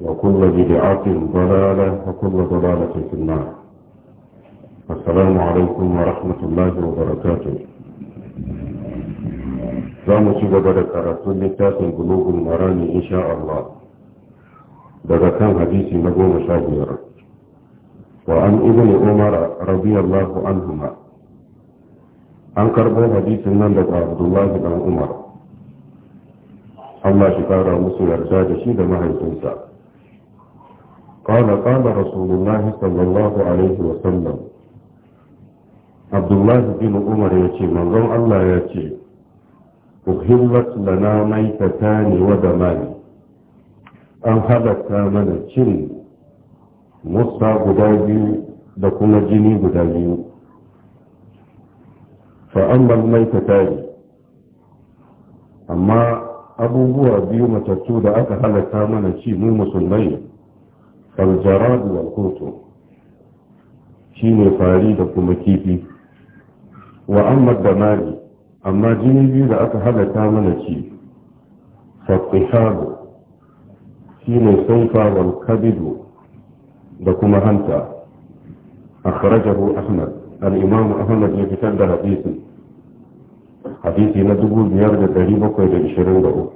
وكل بدعة ضلالة وكل ضلالة في النار السلام عليكم ورحمة الله وبركاته زام شبه بدك رسول لتاس القلوب المراني إن شاء الله daga kan hadisi na goma sha biyar wa an ibn umar radiyallahu anhuma an karɓo hadisin nan daga abdullahi dan umar Allah shi kara musu yarda da shi da mahaifinsa قال قال رسول الله صلى الله عليه وسلم عبد الله بن عمر يتي منظر الله يتي أهلت لنا ميتتان ودمان أن حدث من الشري مصا قدابي دكما جني قدابي فأما الميتتان أما abubuwa biyu matattu da aka halatta mana ci mu musulmai aljaradu wal qutu shine fari da kuma kifi wa amma damari amma jini biyu da aka halatta mana ci faqihabu shine sunfa wal kabidu da kuma hanta akhrajahu ahmad al ahmad ya fitar da hadisin hadisi na 5723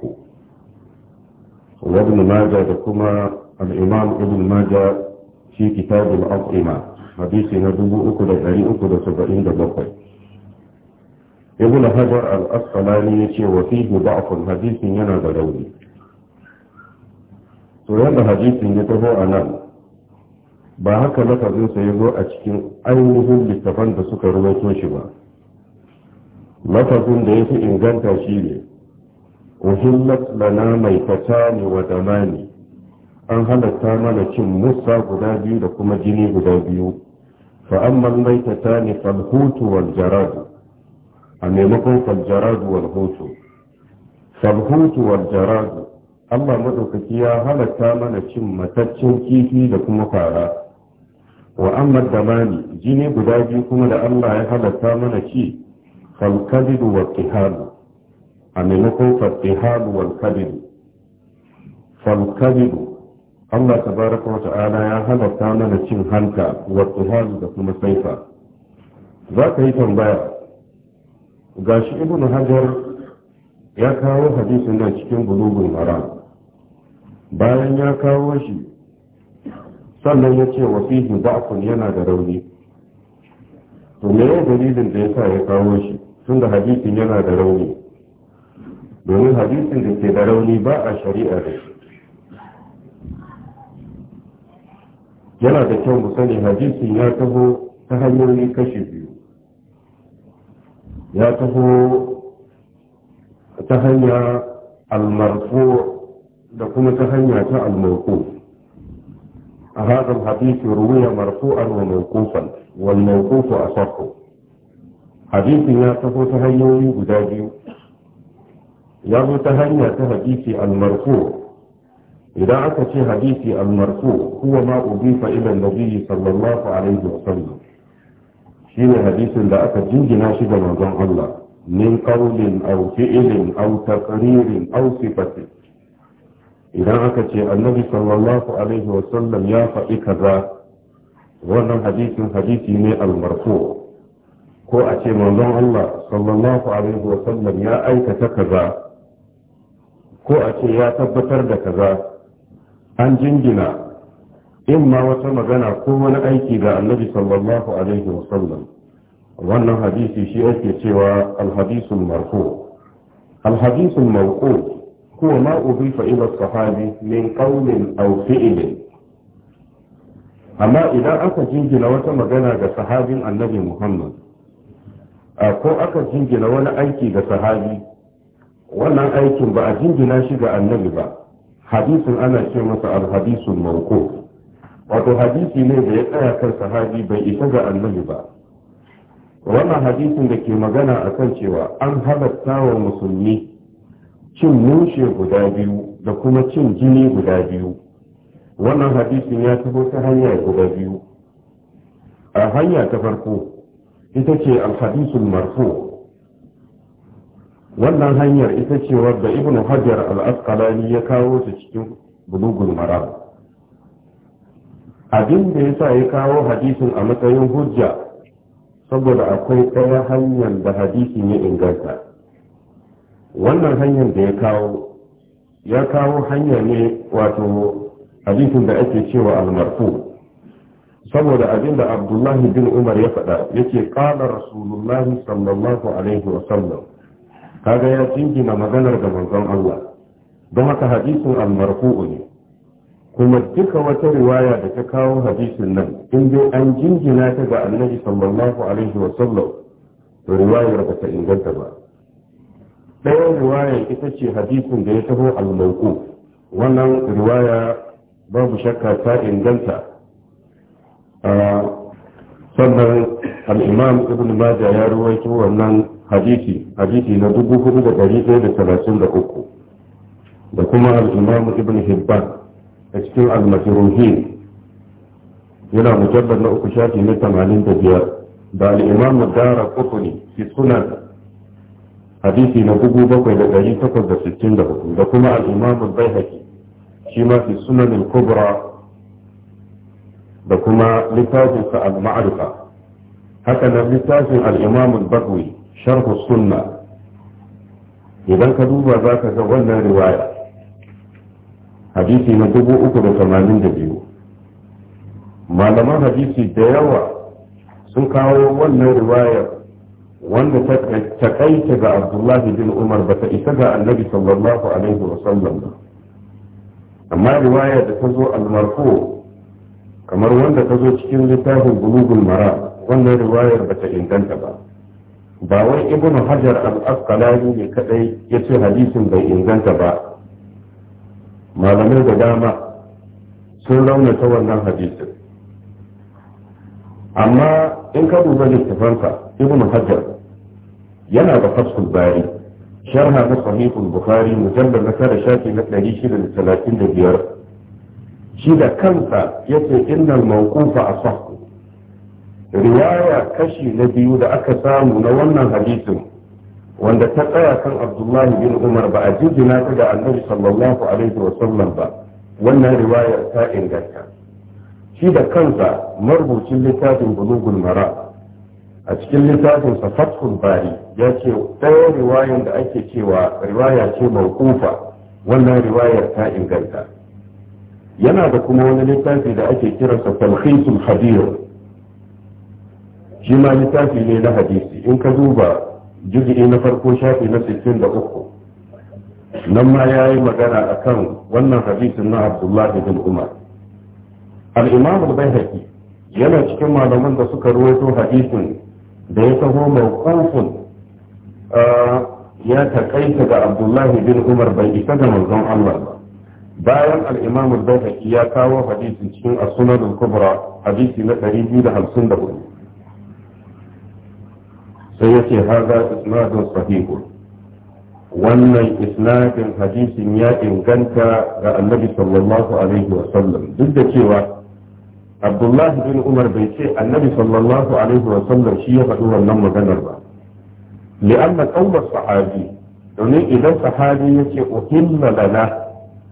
wa ibn majah da kuma الإمام ابن ماجه في كتاب الأطعمة حديث ندبو أكد أري أكد سبعين دبقي ابن هجر الأسقلاني يشي وفيه ضعف حديث ينا دلولي ya حديث a nan. ba haka lafazinsa ya zo a cikin ainihin littafan da suka rubuto shi ba lafazin da ya fi inganta shi ne uhillat lana mai fata ne wa damani an halatta mana cin musa guda biyu da kuma jini guda biyu fa amma maitata ne falhutu wal jaradu a maimakon faljaradu wal hutu falhutu wal jaradu Allah madaukaki ya halatta mana cin mataccen kifi da kuma fara wa amma damani jini guda biyu kuma da Allah ya halatta mana ci falkadidu wa Kihalu. a maimakon fatihalu wal kadidu falkadidu Allah tabaraka wa ta'ala ya halatta mana cin hanta wa tuhazu da kuma saifa za ka yi tambaya gashi ibnu hajar ya kawo hadisin na cikin bulugun mara bayan ya kawo shi sannan ya ce wasihin ba'kun yana da rauni to me dalilin da ya sa ya kawo shi tun da hadisin yana da rauni domin hadisin da ke da rauni ba a shari'a da shi yana da kyau mu sani hadisin ya taho ta hanyoyin kashe biyu ya taho ta hanya almarfo da kuma ta hanya ta almarfu a hadin hadisi ruwiya marfu'an wa mawqufan wal mawqufu asahhu hadisin ya taho ta hanyoyi guda biyu ya zo ta hanya ta hadisi almarfu idan aka ce hadisi al-marfu huwa ma udifa ila an sallallahu alaihi wa sallam, shine hadisin da aka jingina shi ga manzon Allah min qawlin aw fi'lin aw taqririn aw sifatin idan aka ce annabi sallallahu alaihi wa sallam, ya faɗi kaza wannan hadisin hadisi ne al ko a ce manzon Allah sallallahu alaihi wa sallam, ya aikata kaza ko a ce ya tabbatar da kaza an jingina in ma wata magana ko wani aiki ga annabi sallallahu alaihi wasallam wannan hadisi shi ake cewa alhadisul marfu alhadisul marfu huwa ma udifa ila sahabi min qawlin aw fi'lin amma idan aka jingina wata magana ga sahabin annabi muhammad ko aka jingina wani aiki ga sahabi wannan aikin ba a jingina shi ga annabi ba hadisin ana ce masa alhadisun manko wato hadisi ne da ya tsaya kan sahabi bai isa ga annabi ba wannan hadisin da ke magana a kan cewa an halatta wa musulmi cin mushe guda biyu da kuma cin jini guda biyu wannan hadisin ya taho ta hanya guda biyu a hanya ta farko ita ce alhadisun marfu wannan hanyar ita ce wadda Ibn hajar al ya kawo ta cikin bulugul maram abin da yasa ya kawo hadisin a matsayin hujja saboda akwai ɗaya hanyar da hadisin ya inganta wannan hanyar da ya kawo ya kawo hanya ne wato hadisin da ake cewa al saboda abin da abdullahi bin umar ya faɗa yake ƙalar rasulullahi sallallahu alaihi wa sallam kaga ya jingina maganar da manzon Allah don haka hadisin almarfu'u ne kuma duka wata riwaya da ta kawo hadisin nan in dai an jinjina ta ga annabi sallallahu alaihi wa sallam to riwayar ba ta inganta ba dayan riwaya ita ce hadisin da ya taho al-mawqu wannan riwaya babu shakka ta inganta ah, sannan imam ibn Majah ya ruwaito wannan hadisi hadisi na dubu hudu da ɗari ɗaya da talatin da uku da kuma al'imamu ibn hibban a cikin al-masiruhin yana mujallar na uku shafi na tamanin da biyar da al'imamu dara kufuri fi sunan hadisi na dubu bakwai da ɗari takwas da sittin da hudu da kuma bai shi da kuma littafin al'imamun bagwi sharhu sunna idan ka duba za ka ga wannan riwaya hadisi na dubu uku da tamanin da biyu malaman hadisi da yawa sun kawo wannan riwaya wanda ta kaita ga abdullahi bin umar ba ta isa ga annabi sallallahu alaihi sallam ba amma riwaya da ta zo almarfu kamar wanda ta zo cikin littafin bulugul mara wannan riwayar ba ta inganta ba ba wai ibnu hajar al-asqalani ne kadai yace hadisin bai inganta ba malamai da dama sun raunata wannan hadisin amma in ka duba littafansa ibnu hajar yana da fasul bari sharha na sahihul bukhari mujallal na tara shafi na biyar. shi da kansa yace innal mawqufa asah riwaya kashi na biyu da aka samu na wannan hadisin wanda ta tsaya kan abdullahi bin umar ba a jinjina ta da annabi sallallahu alaihi wa sallam ba wannan riwayar ta inganta shi da kansa marubucin littafin bulugul mara a cikin littafin sa fathul bari ya ce ɗaya riwayar da ake cewa riwaya ce mawqufa wannan riwayar ta inganta yana da kuma wani littafi da ake kiransa talhisul hadir shi ma littafi ne na hadisi in ka duba juzi'i na farko shafi na 63 nan ma ya yi magana a kan wannan hadisin na abdullahi bin umar al'imam al yana cikin malaman da suka ruwaito hadisin da ya taho mawqufun ya takaita ga abdullahi bin umar bai isa da manzon allah ba bayan al'imam al ya kawo hadisin cikin as-sunan al-kubra hadisi na 254 sai ya ce haza isnadun sahihu wannan isnadin hadisin ya inganta ga annabi sallallahu alaihi wa sallam duk da cewa abdullahi bin umar bai ce annabi sallallahu alaihi wa sallam shi ya faɗi wannan maganar ba li'anna qawla sahabi domin idan sahabi yace uhilla lana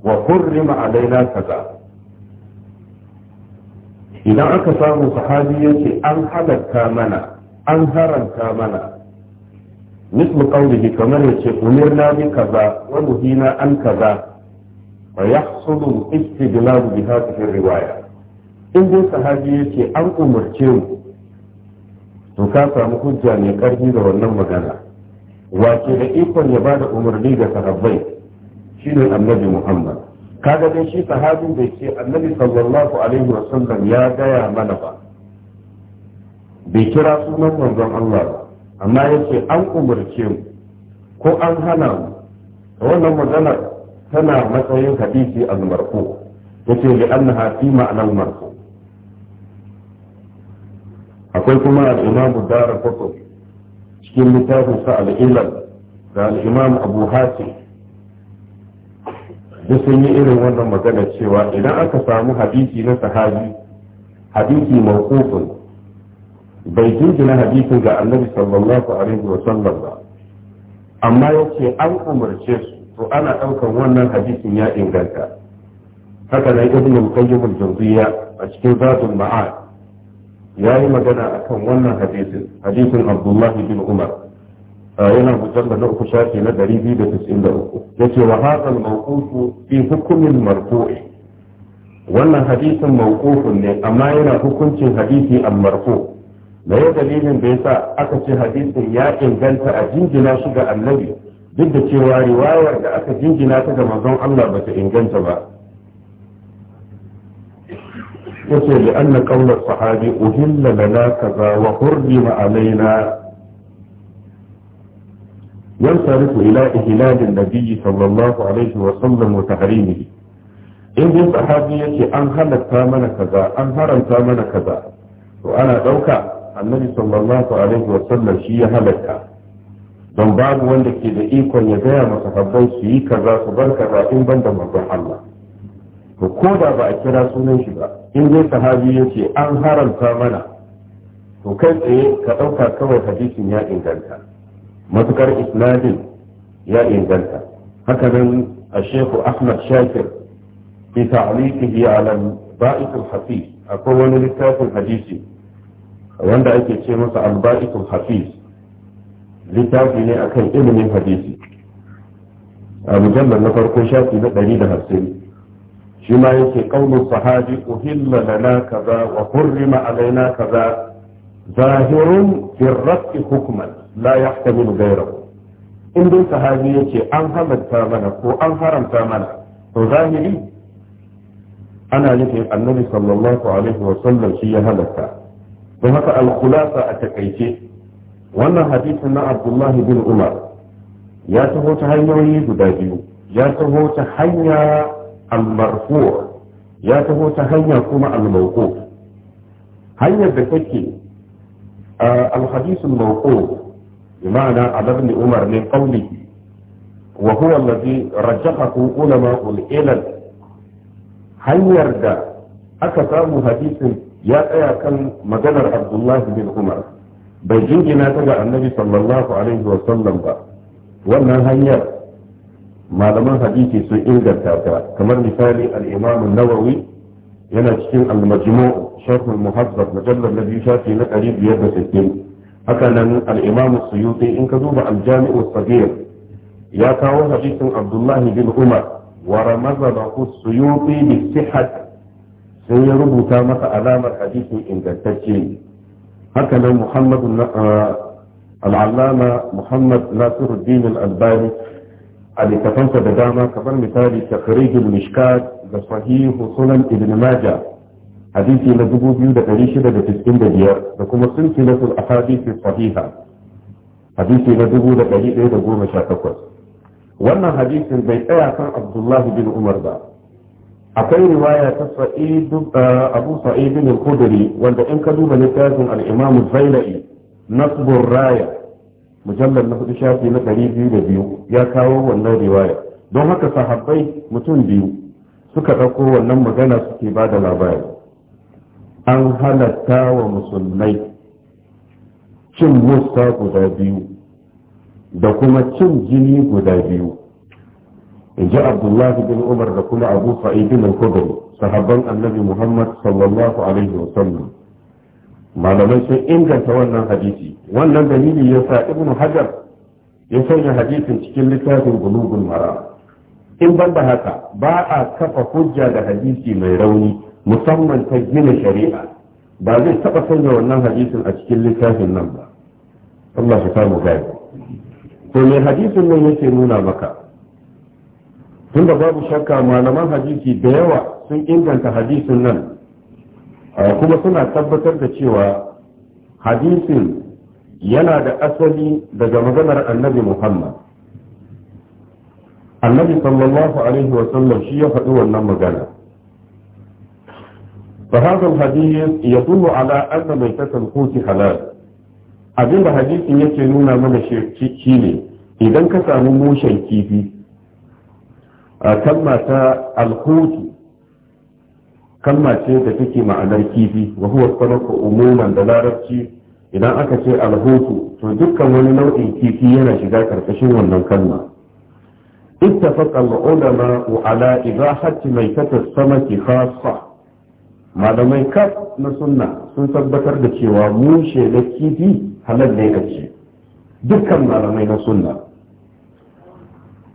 wa hurrima alaina kaza idan aka samu sahabi yace an halatta mana an haramta mana مثل قوله كمان أمرنا بكذا ونهينا عن كذا ويحصل الاستدلال بهذه الرواية إن دي صحابي يتي أن أمرتهم تكافى مهجة لقرهي لو أنه مغانا wace da ikon ya ba da umarni ga sahabbai shine annabi muhammad kaga dai shi sahabin bai ce annabi sallallahu alaihi wasallam ya gaya mana ba bai kira sunan manzon Allah amma yake an umarce mu ko an hana mu wannan magana tana matsayin hadisi al-marfu yace li annaha fi ma'anar marfu akwai kuma al-imam Darqutni cikin littafin sa al-ilal da al-imam Abu Hatim da sun yi irin wannan magana cewa idan aka samu hadisi na sahabi hadisi mawqufun bai jinjina hadisin ga annabi sallallahu alaihi wa sallam ba amma ya ce an umarce su to ana ɗaukan wannan hadisin ya inganta haka na ibn al-qayyim al-jawziyya a cikin zatul ma'ad yayi magana akan wannan hadisin hadisin abdullah bin umar yana mujalla na uku shafi na 293 yace wa hadha al-mawqufu fi hukm al-marfu' wannan hadisin mawqufun ne amma yana hukuncin hadisi al-marfu' da ya dalilin da ya sa aka ce hadisin ya inganta a jingina su ga annabi duk da cewa riwayar da aka jingina ta ga manzon Allah bata inganta ba yace li anna qawla sahabi uhilla lana kaza wa hurrima alaina yansarifu ila ihlal an-nabiy sallallahu alayhi wa sallam wa tahrimihi in dai sahabi yace an halatta mana kaza an haramta mana kaza to ana ɗauka. annabi sallallahu alaihi wasallam shi ya halarta. don babu wanda ke da ikon ya gaya masa habbai su yi kaza su bar kaza in ban da Allah to ko da ba a kira sunan shi ba in dai sahabi ya ce an haramta mana to kai tsaye ka ɗauka kawai hadisin ya inganta matukar isnadin ya inganta haka nan a shehu ahmad shakir fi ta'liqihi ala ba'ith al akwai wani littafin hadisi wanda ake ce masa alba'itul hafiz littafi ne akan ilimin hadisi a mujallar na farko shafi na ɗari da hamsin shi ma yake kaunin sahabi uhilla lana kaza wa hurrima alaina kaza zahirun fi rafi hukman la yahtamilu ghayrahu in dai sahabi yace an halatta mana ko an haramta mana to zahiri ana nufin annabi sallallahu alaihi wa sallam shi ya halatta don haka alkhulasa a takaice wannan hadisin na abdullahi bin umar ya taho ta hanyoyi guda biyu ya taho ta hanya almarfu ya taho ta hanya kuma almauqu hanyar da take الحديث الموقوف بمعنى على ابن عمر من قوله وهو الذي رجحه علماء العلل هل يرجع أكثر حديث ya tsaya kan maganar abdullahi bin umar bai jingina ta ga annabi sallallahu alaihi wa sallam ba wannan hanyar malaman hadisi sun inganta ta kamar misali al-imam nawawi yana cikin al-majmu' sharh al-muhazzab majallar na biyu shafi na 560 haka nan al-imam suyuti in ka duba al-jami' al-saghir ya kawo hadisin abdullahi bin umar wa ramaza lahu suyuti bi sihhat sai ya rubuta masa alamar hadisi ingantacce haka nan muhammad al'allama muhammad nasiruddin al'albani a littafansa da dama kamar misali takarijin mishkat da sahihu sunan ibn maja hadisi na 2695 da kuma sun sun fi na a hadisi sahiha hadisi na 1118 wannan hadisin bai tsaya kan abdullahi bin umar ba akwai riwaya ta sa'idu eh, abu sa'idu ne khudri wanda in ka duba littafin al'imam zainai na nasbur raya mujallar na hudu shafi na ɗari biyu da biyu ya kawo wannan riwaya don haka sahabbai mutum biyu suka ɗauko wannan magana suke ba da labari an halatta wa musulmai cin musta guda biyu da kuma cin jini guda biyu in ji abdullahi bin umar da kuma abu sa'idin al-khudri sahabban annabi muhammad sallallahu alaihi wa sallam malamai sun inganta wannan hadisi wannan dalili ya sa ibn hajar ya sanya hadisin cikin littafin bulugul mara in ban da haka ba a kafa hujja da hadisi mai rauni musamman ta gina shari'a ba zai taba sanya wannan hadisin a cikin littafin nan ba Allah shi samu gaiba to me hadisin nan yake nuna maka tunda babu shakka malaman hadisi da yawa sun inganta hadisin nan kuma suna tabbatar da cewa hadisin yana da asali daga maganar annabi muhammad annabi sallallahu alaihi wasallam shi ya faɗi wannan magana فهذا الحديث يدل على أن ميتة الحوت حلال abin da hadisin yake nuna mana shi ne idan ka samu mushen kifi kalma ta alhutu kalma ce da take ma'anar kifi wa huwa salaku umuman da larabci idan aka ce alhutu to dukkan wani nau'in kifi yana shiga karkashin wannan kalma اتفق العلماء على إباحة ميتة السمك خاصة malamai kaf na sunna sun tabbatar da cewa mushe da kifi halal ne kace dukkan malamai na sunna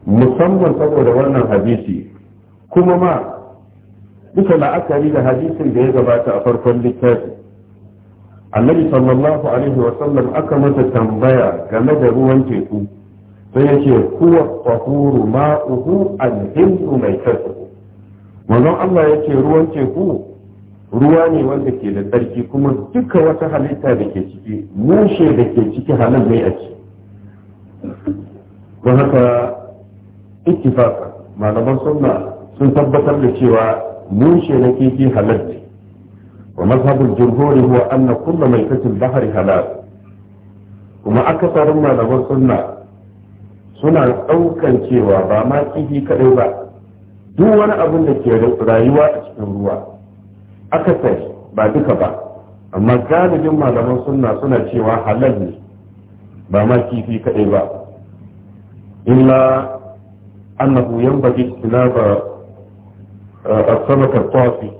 musamman saboda wannan hadisi kuma ma duka la'akari da hadisin da ya gabata a farkon littafi annabi sallallahu alaihi wa sallam aka masa tambaya game da ruwan teku sai ya ce huwa tahuru ma'uhu al-hindu mai tasu wannan Allah ya ce ruwan teku ruwa ne wanda ke da tsarki kuma duka wata halitta da ke ciki mushe da ke ciki halal mai a ci ittifaka malaman sunna sun tabbatar da cewa mushe na kifi halal ne wa mazhabul jumhuri huwa anna kullu maitatil bahar halal kuma akasarin malaman sunna suna ɗaukan cewa ba ma kifi kadai ba duk wani abin da ke rayuwa a cikin ruwa akasari ba duka ba amma galibin malaman sunna suna cewa halal ne ba ma kifi kadai ba illa أنه ينبغي اجتناب آه، السمك الطافي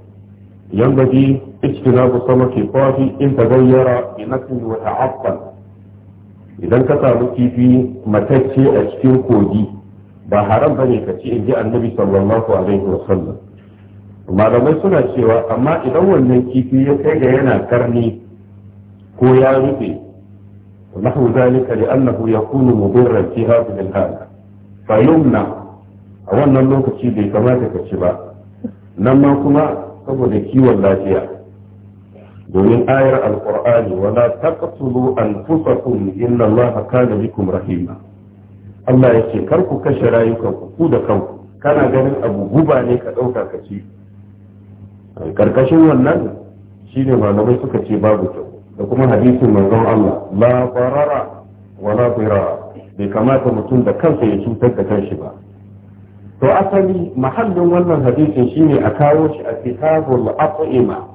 ينبغي اجتناب السمك الطافي إن تغير بنفسه وتعطل إذا كتبت في متكشي أشكين كودي بحرم بني كتشي إن جاء النبي صلى الله عليه وسلم ما لم يصنع شيئا أما إذا هو من كيفي يتجينا كرني كويانتي ونحو ذلك لأنه يكون مضرا في هذه الحالة فيمنع a wannan lokaci bai kamata ka ci ba nan ma kuma saboda kiwon lafiya domin ayar alkur'ani wala taqtulu anfusakum inna allaha kana bikum rahima Allah ce kar ku kashe rayukan ku da kanku kana ganin abu guba ne ka dauka ka ci karkashin wannan shine malamai suka ce babu kyau da kuma hadisin manzon Allah la farara wala dirara bai kamata mutum da kansa ya cutar da kanshi ba to asali mahallin wannan hadisin shine a kawo shi a kitabul at'ima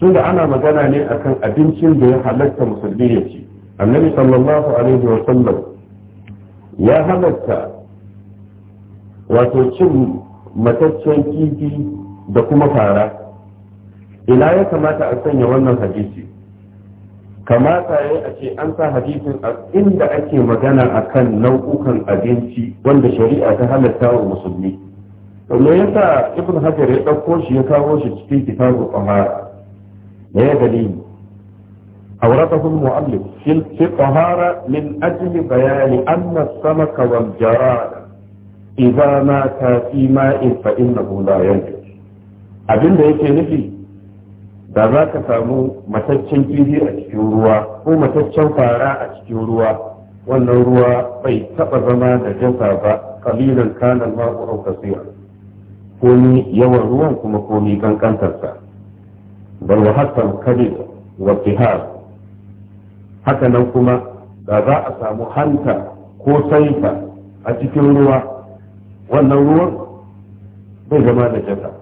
tunda ana magana ne akan abincin da ya halatta musulmi ya ci annabi sallallahu alaihi wa sallam ya halatta wato cin mataccen kifi da kuma fara ina ya kamata a sanya wannan hadisi kamata ya a ce an sa hadisin a inda ake magana a kan nau'ukan abinci wanda shari'a ta halatta wa musulmi domin ya sa ibn hajar ya ɗauko shi ya kawo shi cikin kitabu qahara me ya dalili awratahu al-mu'allif fi ƙahara min ajli bayani anna as-samaka wal jarada idza ta fi ma'in fa innahu la yanjus abinda yake nufi da za ka samu mataccen kifi a cikin ruwa ko mataccen fara a cikin ruwa wannan ruwa bai taba zama da jasa ba kalilan kanan ma'u au ko ni yawan ruwan kuma komi kankantarsa bal wa hasan kabir wa tihar haka nan kuma da za a samu hanta ko saifa a cikin ruwa wannan ruwan bai zama da jasa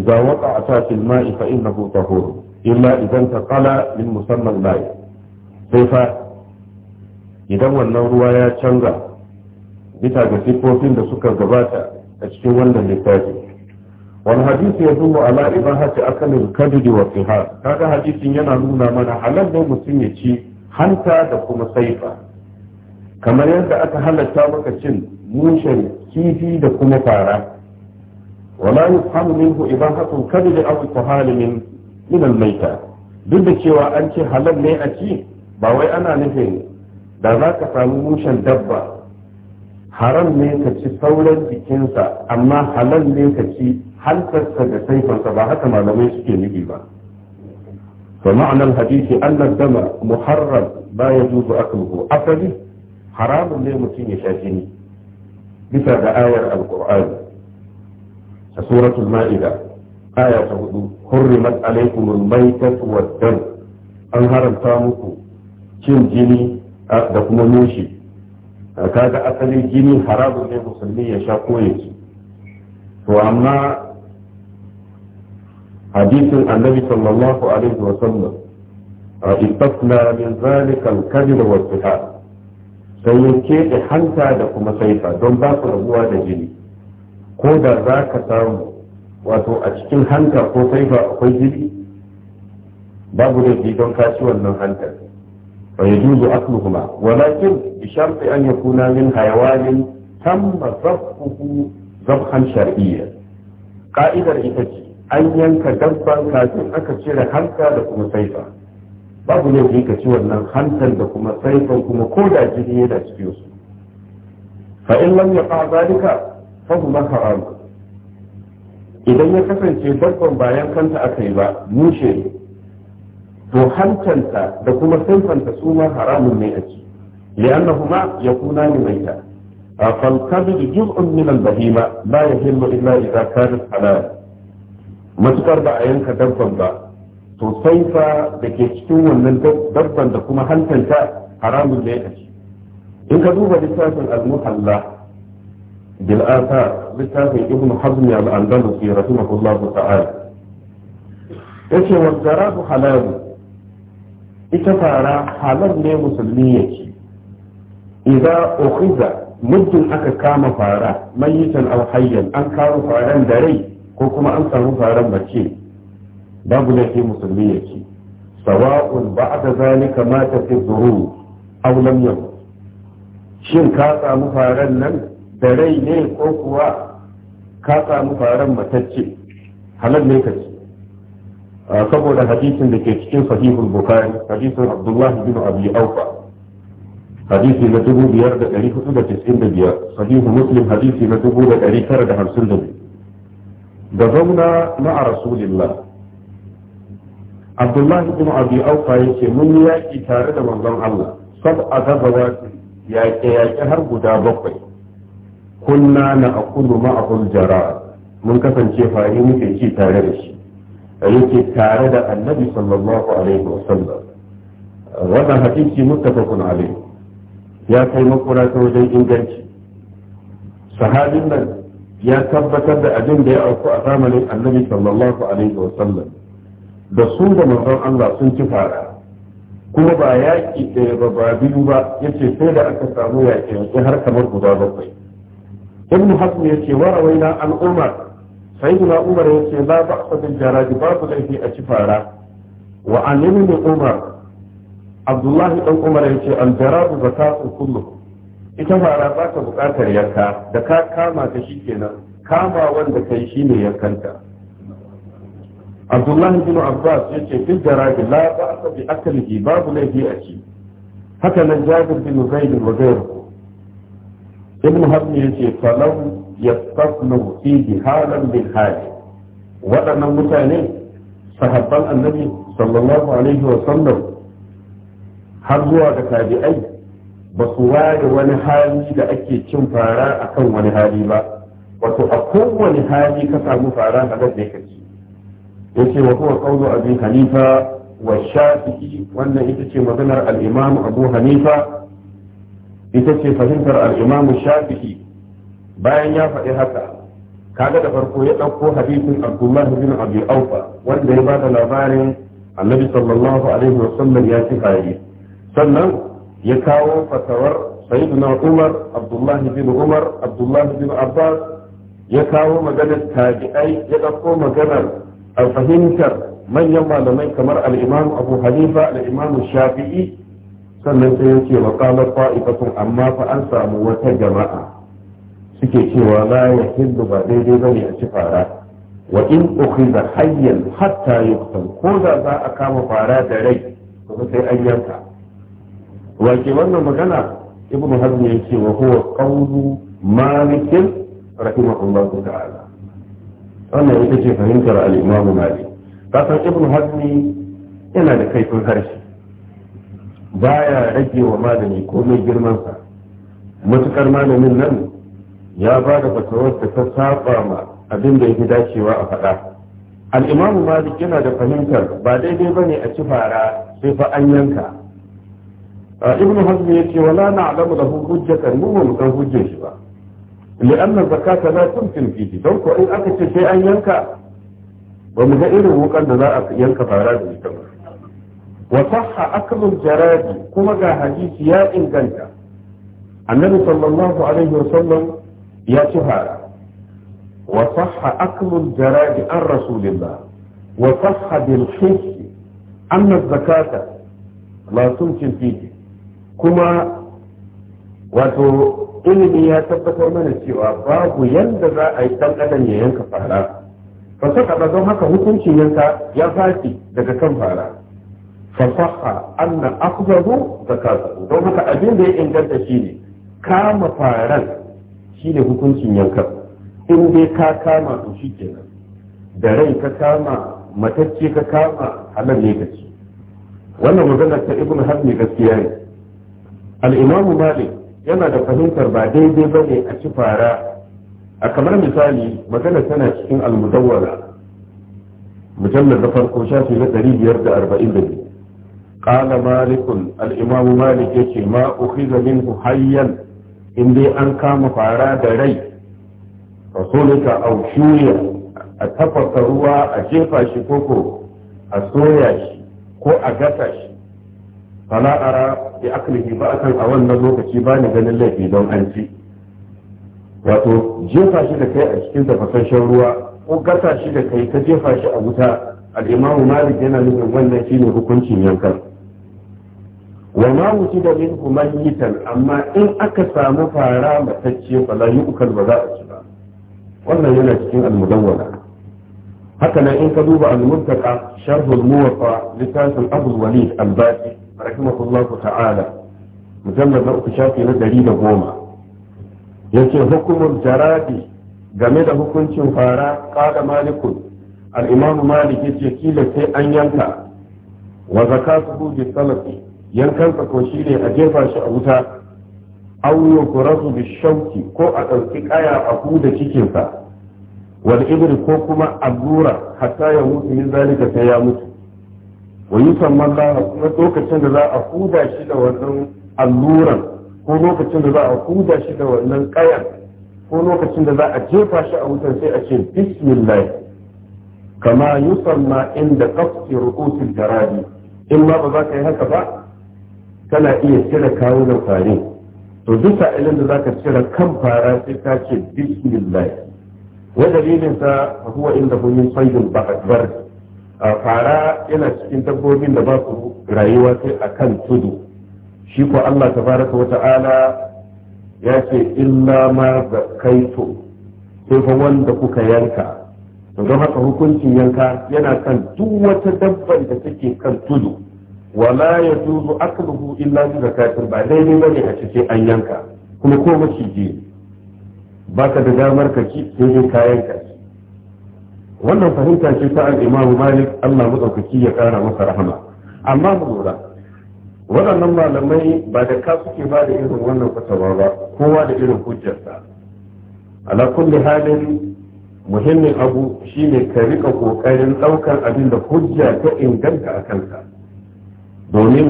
إذا وقعتا في الماء فإنه طهور إلا إذا انتقل من مسمى الماء سيفا إذا والنور يا تشنغا بتا بسيكوتين لسكا زباتا أشكي ولا لتاجي والحديث يدل على إباحة أكل الكبد والطهار هذا حديث ينالونا من حلال لو مسلم hanta da kuma saifa kamar yadda aka halatta maka cin mushen kifi da kuma fara wala yufhamu minhu ibahatu kadhib aw tahal min min al duk da cewa an ce halal ne a ci ba wai ana nufin da za ka samu mushen dabba haram ne ka ci sauran jikinsa amma halal ne ka ci hantarsa da saifarsa ba haka malamai suke nufi ba da ma'anar hadisi annar dama muharram ba ya juzu akluhu asali haramun ne mutum ya sha jini bisa ga ayar alkur'ani a suratul ma'ida aya ta hudu hurrimat alaikumul maitatu wad an haramta muku cin jini da kuma nushi kaga asalin jini haramun ne musulmi ya sha koye su to amma hadisin annabi sallallahu alaihi wa sallam istafna min zalika al-kadhib wa sai yake da hanta da kuma saifa don ba su rabuwa da jini ko da za ka samu wato a cikin hanta ko ba akwai jiri babu da don kaci wannan hantar fa yajuzu akluhuma walakin bi sharti an yakuna min hayawanin tamma zabhuhu zabhan shar'iyya ka'idar ita ce an yanka dabban kafin aka cire hanta da kuma saifa babu ne ka ciwon wannan hantar da kuma saifan kuma ko da jini yana cikin su fa in lam yaqa zalika fahimma haram idan ya kasance babban bayan kanta aka yi ba mushe to hantanta da kuma sanfanta su ma haramun ne a ci li'annahuma yakuna ni maita فالكبد جزء Bahima, البهيمة لا يهم illa إذا كانت حلال matukar ba a yanka dabban ba to saifa da ke cikin wannan dabban da kuma hantanta haramun ne a ci in ka duba littafin al-muhalla bil asa littafin ibnu hazm al-andalusi rahimahullahu ta'ala yace wa garabu ita fara halar ne musulmi yake idan ukhiza muddin aka kama fara mayitan aw hayyan an kama faran da rai ko kuma an samu faran bace babu laifi musulmi yake sawa'un ba'da zalika mata fi dhurur aw lam yau. shin ka samu faran nan da rai ne ko kuwa ka samu faran matacce halal ne ka ci saboda hadisin da ke cikin sahihul bukhari hadisin abdullahi bin abi aufa hadisi na dubu biyar da ɗari hudu da tisin da biyar sahihu muslim hadisi na dubu da ɗari tara da hamsin da biyu da zauna na a rasulillah abdullahi bin abi aufa ya ce mun yaƙi tare da manzon allah sab a gazawa yaƙe-yaƙe har guda bakwai kunna na a aqulu ma'ahul jara mun kasance fari muke ci tare da shi yake tare da annabi sallallahu alaihi wa sallam. wannan hadisi muttafaqun alaihi ya kai makura ta wajen inganci sahabin nan ya tabbatar da abin da ya auku a zamanin annabi sallallahu alaihi wa sallam. da su da manzon Allah sun ci fara kuma ba yaƙi ɗaya ba ba biyu ba yace sai da aka samu yaƙi har kamar guda bakwai ibn hasm ya ce warawaina an umar sayyidina umar ya ce la ba'sa bil jaraji babu laifi a ci fara wa an ibn umar abdullahi dan umar ya ce al jarabu zakatu kullu ita fara ba ta bukatar yanka da ka kama ta shi kenan kama wanda kai shine yankanta abdullahi bin abbas ya ce fil jarabi la ba'sa bi babu laifi a ci haka nan jabir bin zaid wa ghayruhu ibn hazm yace falau yastafnu fihi halan bil hali waɗannan mutane sahabban annabi sallallahu alaihi wa sallam har zuwa ga tabi'ai ba su ware wani hali da ake cin fara akan wani hali ba wato a kowane hali ka samu fara a da yake ci yace wa huwa qawlu abi hanifa wa shafi'i wannan ita ce maganar al-imam abu hanifa ita ce fahimtar al shafi'i bayan ya faɗi haka kaga da farko ya ɗauko hadisin abdullahi bin abi aufa wanda ya bada labarin annabi sallallahu alaihi wasallam ya ci haye sannan ya kawo fatawar sayyidina umar abdullahi bin umar abdullahi bin abbas ya kawo maganar tabi'ai ya ɗauko maganar a fahimtar manyan malamai kamar al-imam abu hanifa al-imam shafi'i sannan sai ya ce wa qalat fa'iqatun amma fa an samu wata jama'a suke cewa la yahillu ba daidai ne a ci fara wa in da hayyan hatta yuqtal ko da za a kama fara da rai kuma sai an yanka wa ke wannan magana ibnu hazm ya ce wa huwa qawlu malik rahimahullahu ta'ala wannan ita ce fahimtar al-imam malik kasan ibnu hazmi yana da kaifin harshe baya rage wa malami komai girmansa matukar malamin nan ya ba da fatawar da ta saba ma abin da yake dacewa a faɗa al'imamu malik yana da fahimtar ba daidai ba ne a ci fara sai fa an yanka ibn hazm ya ce wala na alamu da hujjatan mu ba mu hujjar shi ba li'anna zakata la tumkin fihi don ko in aka ce sai an yanka ba mu ga irin wukan da za a yanka fara da ita ba wa sahha aklul kuma ga hadisi ya inganta annabi sallallahu alaihi wasallam ya ci hara wa sahha aklul an rasu wa sahha bil hiss anna zakata la tumkin fihi kuma wato ilimi ya tabbatar mana cewa babu yadda za a yi dan adam ya yanka fara fa saka don haka hukuncin yanka ya fashi daga kan fara fasaha anna afdalu zakatu don haka abin da ya inganta shine kama faran shine hukuncin yankan in dai ka kama to shikenan da rai ka kama matacce ka kama halal ne ka ci wannan magana ta ibn hazmi gaskiya ne al-imam malik yana da fahimtar ba daidai bane a ci fara a kamar misali magana tana cikin al-mudawwala mujallal da farko shafi na 542 qala malikun al malik yake ma ukhiza minhu hayyan in dai an kama fara da rai fasulika aw shuya a tafasa ruwa a jefa shi koko a soya shi ko a gasa shi fala ara bi aklihi ba akan a wannan lokaci bani ganin laifi don an ci wato jefa shi da kai a cikin tafasasshen ruwa ko gasa shi da kai ka jefa shi a wuta al'imamu malik yana nufin wannan shine hukuncin yankan wa mu wuce da min mayitan amma in aka samu fara matacce fa yi yu'kal ba za a ci ba wannan yana cikin al haka nan in ka duba al sharhu sharh al-muwatta littafin abu walid al-baqi rahimahullahu ta'ala mujallad na uku shafi na da goma. yace hukumul jaradi game da hukuncin fara qala malikun al-imam malik yace kila sai an yanka wa zakatuhu bi salafi yankan tsako shi ne a jefa shi a wuta auyo kurasu bi shauki ko a ɗauki ƙaya a huda cikinsa Wani ibri ko kuma allura hatta ya mutu min zalika sai ya mutu wa yusamman la kuma lokacin da za a huda shi da wannan alluran ko lokacin da za a huda shi da wannan ƙayan ko lokacin da za a jefa shi a wutan sai a ce bismillah kama yusamma inda kafsi ru'usul jarabi in ma ba za ka yi haka ba kana iya cire kawunan fari to duk sa'ilin da zaka cire kan fara sai ka ce bismillah wa dalilin sa huwa inda min sayyid ba'dbar fara yana cikin dabbobin da ba su rayuwa sai akan tudu shi ko Allah tabaraka wa ta'ala ya ce illa ma zakaito sai fa wanda kuka yanka to don haka hukuncin yanka yana kan duk wata dabban da take kan tudu wala ya tuzu akaluhu illa bi zakatin ba daidai bane a cikin an yanka kuma ko Ba baka da damar ka ci sai dai kayan ka wannan fahimta ce ta al-Imam Malik Allah madaukaki ya kara masa rahama amma mu lura waɗannan malamai ba da ka suke ba da irin wannan fatawa ba kowa da irin hujjarsa ala kulli halin muhimmin abu shine ka rika kokarin ɗaukar abin da hujja ta inganta a kansa domin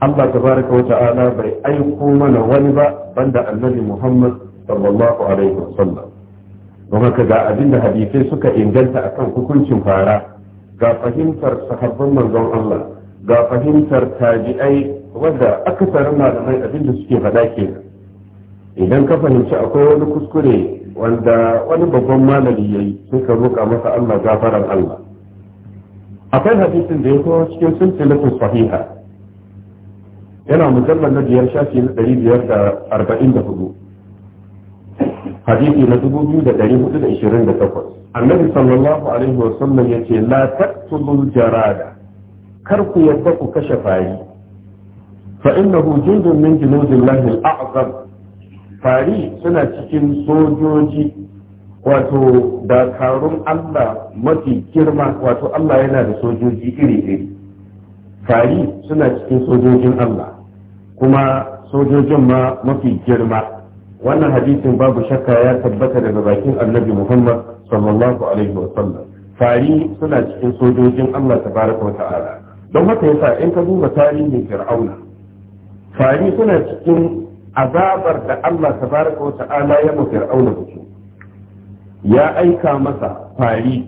Allah tabaraka wa ta'ala bai aiko mana wani ba banda annabi Muhammad sallallahu alaihi wasallam don haka ga abinda hadisai suka inganta akan hukuncin fara ga fahimtar sahabban manzon Allah ga fahimtar tabi'ai wanda akasarin malamai abinda suke faɗa kenan idan ka fahimci akwai wani kuskure wanda wani babban malami yayi sai ka roƙa masa Allah gafaran Allah akwai hadisin da ya kawo cikin silsilatu sahiha yana mujallar na biyar shafi na ɗari biyar da arba'in da hudu hadisi na dubu biyu da ɗari hudu da ishirin da takwas annabi sallallahu alaihi sallam ya ce la taqtulul jarada kar ku yadda ku kashe fari fa innahu jundun min jinudillahi al'azam fari suna cikin sojoji wato dakarun Allah mafi girma wato Allah yana da sojoji iri-iri fari suna cikin sojojin Allah kuma sojojin ma mafi girma wannan hadisin babu shakka ya tabbata daga bakin annabi Muhammad sallallahu alaihi wa fari suna cikin sojojin Allah tabaraka wa ta'ala don haka yasa in ka duba tarihin Fir'auna fari suna cikin azabar da Allah tabaraka wa ta'ala ya mu Fir'auna ya aika masa fari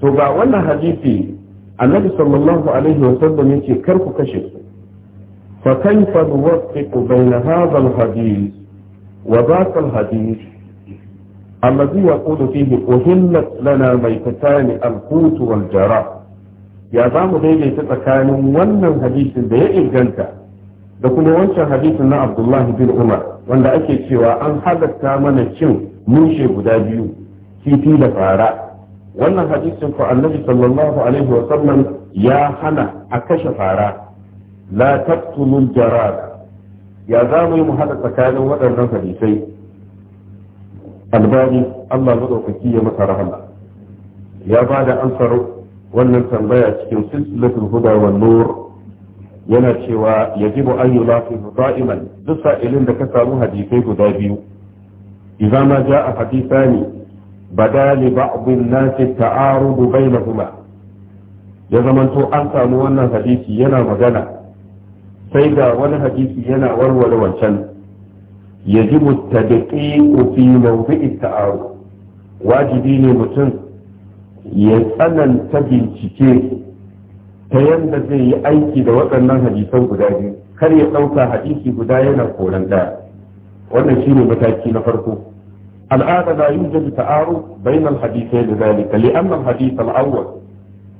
to ga wannan hadisi annabi sallallahu alaihi wa sallam yace kar ku kashe su fa kayfa nuwaffiqu bayna hadha al-hadith wa dhaka al-hadith alladhi yaqulu fihi uhillat lana maytatan al-qut wal-jara ya za mu daidaita tsakanin wannan hadisin da ya inganta da kuma wancan hadisin na Abdullahi bin Umar wanda ake cewa an halatta mana cin mushe guda biyu kifi da fara wannan hadisin ko annabi sallallahu alaihi wa sallam ya hana a kashe fara la taqtulul jarar ya za mu yi mu hada tsakanin waɗannan hadisai albani Allah madaukaki ya masa rahama ya ba da ansar wannan tambaya cikin silsilatul huda wan nur yana cewa yajibu an yulafi da'iman duk sa'ilin da ka samu hadisai guda biyu Iza ma ja a jaa hadithani bada li ba'd an-nas na bainahuma ya zamanto an samu wannan hadisi yana magana sai ga wani hadisi yana warware wancan yajibu tadqiqu fi mawdi'i ta'arud wajibi ne mutum ya tsananta bincike ta yadda zai yi aiki da waɗannan hadisan guda biyu kar ya ɗauka hadisi guda yana koran ɗaya wannan shine mataki na farko الآن لا يوجد تعارض بين الحديثين ذلك لأن الحديث الأول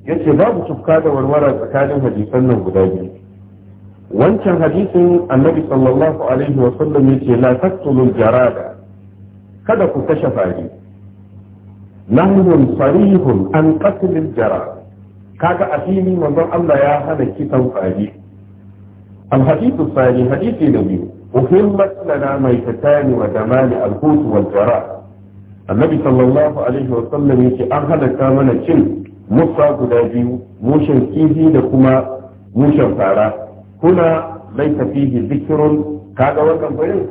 yace babu tufka da warwara tsakanin hadisan nan guda biyu wancan hadisin annabi sallallahu alaihi wa sallam yace la taqtulu jarada kada ku kashe fari nahyun sarihun an qatl jarada kaga asiri fili manzon Allah ya hana kisan fari al sani hadisi na biyu uhimmat mai maitatani wa damani al-hut wal jara annabi sallallahu alaihi wa sallam yace an halatta mana cin musa guda biyu mushen kifi da kuma mushen fara kuna laita fihi zikrun kaga wannan bayan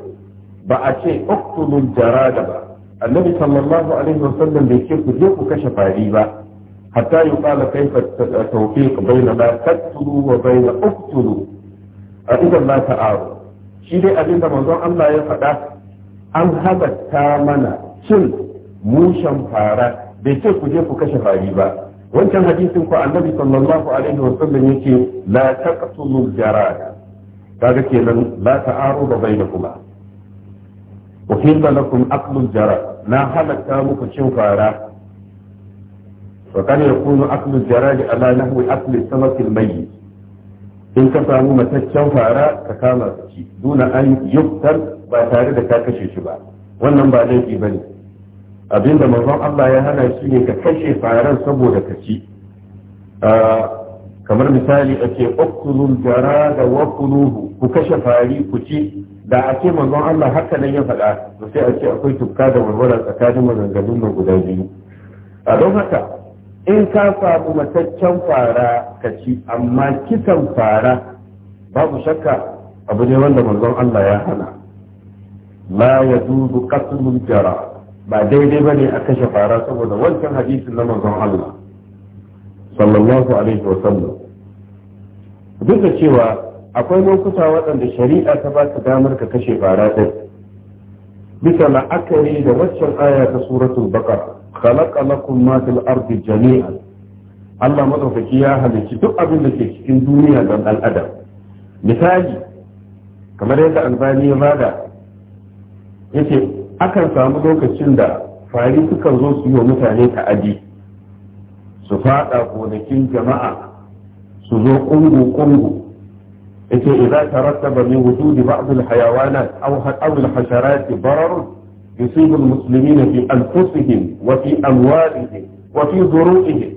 ba a ce uktulul jarada ba annabi sallallahu alaihi wa sallam bai ce ku je ku kashe fari ba hatta yuqala kayfa tawfiq wa a idan ma aro. shi dai abin da manzon Allah ya faɗa an habatta mana cin mushen fara bai ce ku je ku kashe fari ba wancan hadisin ku annabi sallallahu alaihi wa sallam yake la taqtulu jarad kaga kenan la ta'arudu bainakuma wa qila lakum aqlu jarad na halatta muku cin fara وكان يكون أكل الجراد على نحو أكل السمك الميت in ka samu mataccen fara ka kama su ci duna an yuktar ba tare da ka kashe shi ba wannan ba laifi ba ne abinda manzon Allah ya hana shi ne ka kashe faran saboda ka ci kamar misali a ce uktulul jara da wakuluhu ku kashe fari ku ci da a ce manzon Allah haka nan ya faɗa to sai a ce akwai tukka da warwara tsakanin maganganun guda biyu a don haka in ka samu mataccen fara ka ci amma kisan fara babu shakka abu ne wanda manzon Allah ya hana la ya dubu qatlul jara ba daidai ba ne a kashe fara saboda wancan hadisin na manzon Allah sallallahu alaihi wa sallam duk da cewa akwai lokuta waɗanda shari'a ta ba ta damar ka kashe fara ɗin bisa la'akari da waccan aya ta suratul baqara khalaqa lakum ma fil ardi jami'an Allah madaukaki ya halicci duk abin da ke cikin duniya don dan adam misali kamar yadda albani ya bada yace akan samu lokacin da fari sukan zo su yi wa mutane ta'adi su fada gonakin jama'a su zo kungu-kungu yace idza tarattaba min wujudi ba'd al-hayawanat aw aw al-hasharat dararun يصيب المسلمين في أنفسهم وفي أموالهم وفي ضروئهم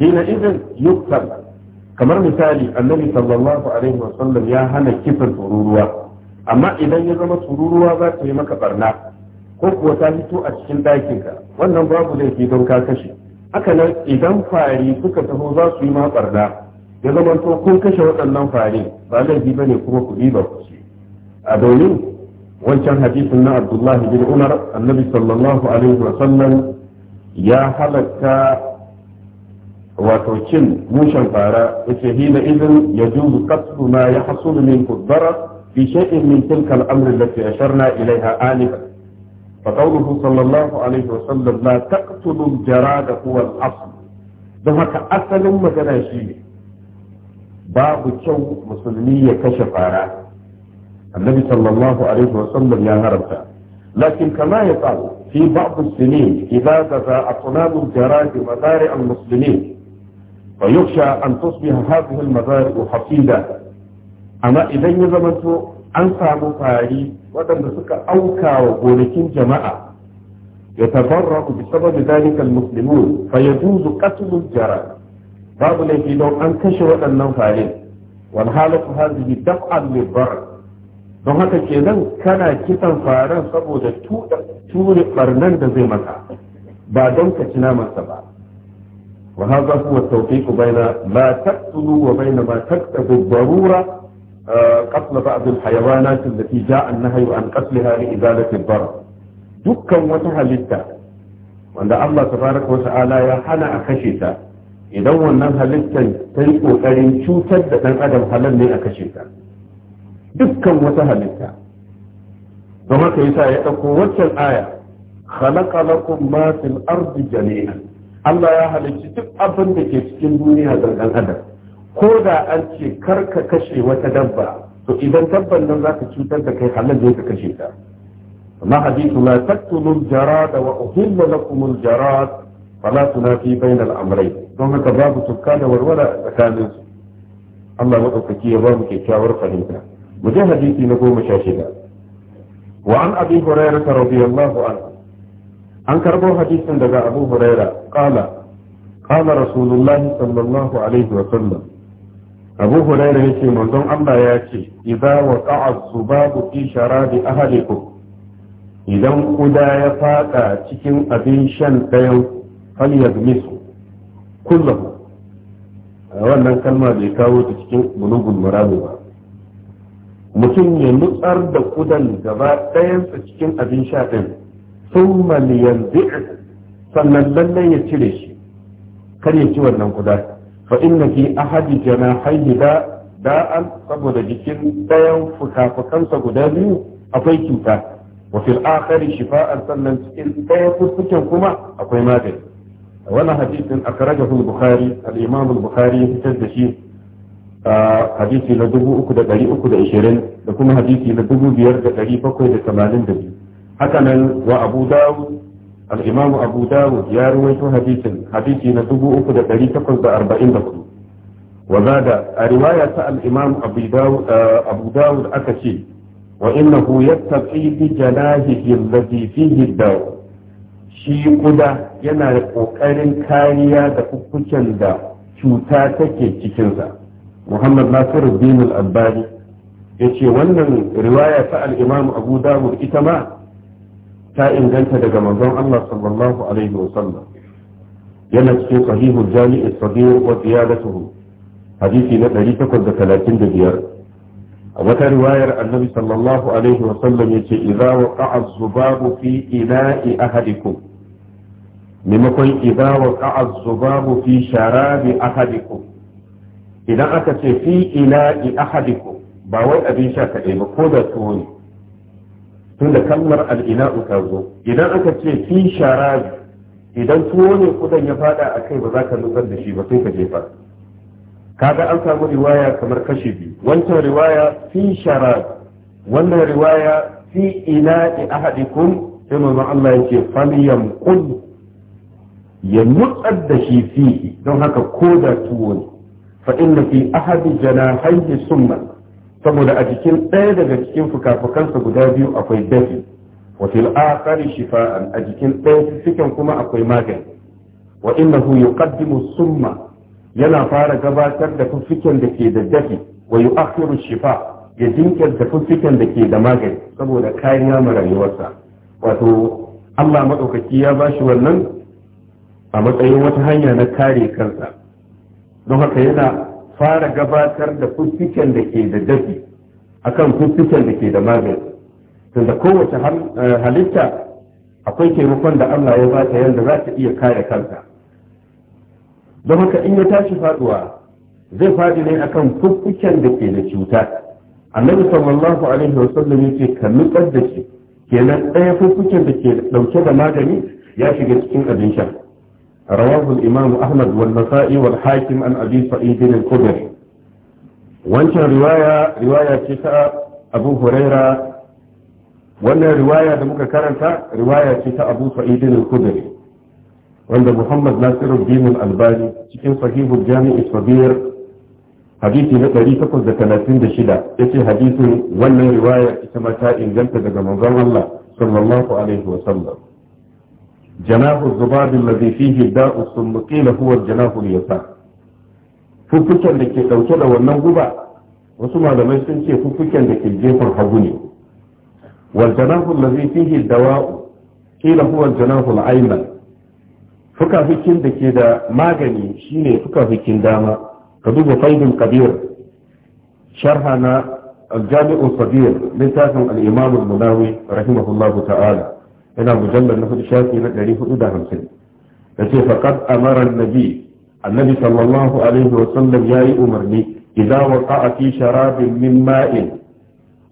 حينئذ يقتل kamar misali annabi sallallahu alaihi wasallam ya hana kisan tururuwa amma idan ya zama tururuwa za ta yi maka barna ko kuwa ta fito a cikin ɗakinka wannan babu laifi don ka kashe haka nan idan fari suka taho za su yi ma barna ya zama to kun kashe waɗannan fari ba laifi ba ne kuma ku ba ku ce a domin wancan hadisin na abdullahi bin umar annabi sallallahu alaihi wa sallam ya halatta wato cin mushen fara yace hina idan ya juzu qatlu ma ya hasulu min kuddara fi shay'in min tilka al-amr allati asharna ilayha anifa فقوله صلى الله عليه وسلم لا تقتلوا الجراد هو الأصل don haka asalin magana shi ne babu kyau musulmi ya kashe fara annabi sallallahu alaihi wasallam ya haramta lakin kama ya tsaro في بعض السنين إذا بدا أطلاب الجراد مزارع المسلمين ويخشى أن تصبح هذه المزارع حصيدة أما إذا يزمنت أنسى مفاري ودم سك أوكى وغولكين جماعة يتضرر بسبب ذلك المسلمون فيجوز قتل الجراد باب الذي لو أنكش ودم فارين والحالة هذه دفعا للضرر don haka kenan kana kisan faran saboda ture barnan da zai maka ba don ka ci namansa ba wa haza huwa tawfiqu baina ma taqtulu wa baina ma taqtabu darura eh, qatl ba'd al-hayawanat allati ja'a an-nahyu an qatlaha li izalati ad dukkan wata halitta wanda Allah tabaraka wa ta'ala ya hana a kashe ta idan wannan halittar ta yi kokarin cutar da dan adam halal ne a kashe ta dukkan wata halitta don haka yasa ya ɗauko waccan aya khalaqa lakum ma fil ardi jami'a Allah ya halicci duk abinda ke cikin duniya da dan adam ko da an ce kar ka kashe wata dabba to idan dabban nan zaka cutar da kai halal ne ka kashe ta amma hadithu la taqtulu jarada wa uhillu lakum al-jarad fala tunafi bayna al-amrayn don haka babu tukka da warwara tsakaninsu Allah madaukaki ya ba kyakkyawar fahimta wajen hadisi na goma sha shida wa an abi huraira ta radiyallahu anhu an karbo hadisin daga abu huraira qala qala rasulullah sallallahu alaihi wa sallam abu huraira yace manzon Allah ya ce idza waqa'a subabu fi sharabi ahadikum idan kuda ya faɗa cikin abin shan ɗayan misu kullahu wannan kalma bai kawo ta cikin bulugul marabu ba mutum ya nutsar da kudan gaba ɗayansa cikin abin sha ɗin sun maliyan sannan lallai ya cire shi kar ya ci wannan kuda fa inna fi ahadi da da'an saboda jikin ɗayan fukafukansa guda biyu akwai cuta wa fil akhari shifa'an sannan cikin ɗaya fuskuken kuma akwai magani wannan hadisin akhrajahu al-bukhari al-imam al-bukhari fitar da shi hadisi na dubu uku da ɗari uku da ishirin da kuma hadisi na dubu biyar da ɗari bakwai da tamanin da biyu haka wa abu dawud al ya ruwaito hadisin hadisi na dubu uku da ɗari takwas da arba'in da hudu a riwaya ta al-imam aka ce wa innahu yattaqi bi shi kuda yana ƙoƙarin kariya da kukkucen da cuta take cikinsa muhammad nasiru dinul albari. ya ce wannan riwaya ta al'imamu abu dawud ita ma ta inganta daga manzon allah sallallahu alaihi wasallam yana cikin sahihul jami'i sabir wa ziyadatuhu hadisi na biyar. a wata riwayar annabi sallallahu alaihi wasallam ya ce idza waqa'a zubabu fi idza waqa'a zubabu fi sharabi ahadikum idan aka ce fi ina'i ahadikum ba wai abin sha kaɗai ba ko da tuwo ne tun da kalmar al'ina'u ta zo idan aka ce fi sharabi idan tuwo ne kudan ya fada a kai ba za ka nufar da shi ba sai ka jefa kaga an samu riwaya kamar kashi biyu wancan riwaya fi sharabi. wannan riwaya fi ina'i ahadikum sai manzon Allah ce falyam qul ya nutsar da shi fi don haka ko da tuwo ne fa inna fi ahadi janahayhi summa saboda a jikin ɗaya daga cikin fukafukansa guda biyu akwai dafi wa fil akhari shifa'an a jikin ɗaya fifikan kuma akwai magani wa innahu yuqaddimu summa yana fara gabatar da fifikan da ke da dafi wa yu'akhiru shifa ya jinkirta fifikan da ke da magani saboda kariya ma rayuwarsa wato Allah madaukaki ya bashi wannan a matsayin wata hanya na kare kansa don haka yana fara gabatar da fuffiken da ke da dafi akan fuffiken da ke da magani tunda kowace eh, halitta akwai taimakon da Allah ya ba ta yadda za ta iya kare kanta don haka in ya tashi faduwa zai fadi ne akan fuffuken da ke da cuta annabi sallallahu alaihi wasallam yake ka da shi kenan ɗaya fuffuken da ke dauke da magani ya shiga cikin abin sha رواه الإمام أحمد والنسائي والحاكم عن أبي سعيد الخدري wancan riwaya riwaya ce ta abu huraira wannan riwaya da muka karanta riwaya ce ta abu sa'idin al wanda muhammad nasiruddin al-albani cikin sahihul jami'i sabir hadisi na 836 yace hadisin wannan riwaya ita ma inganta daga manzon Allah sallallahu janahu zubabin ladhi fihi da'u summa qila huwa janahu yasa fuffuken da ke dauke da wannan guba wasu malamai sun ce fuffuken da ke gefen hagu ne wal janahu ladhi fihi dawa'u kila huwa janahu al fukafikin da ke da magani shine fukafikin dama ka duba faidul kabir sharha na الجامع الصغير لتاكم الإمام المناوي رحمه الله تعالى yana mujallar na hudu shafi na ɗari hudu da hamsin da ce faƙad amarar nabi annabi sallallahu alaihi wasallam ya yi umarni idan waka a fi sharabin min ma'in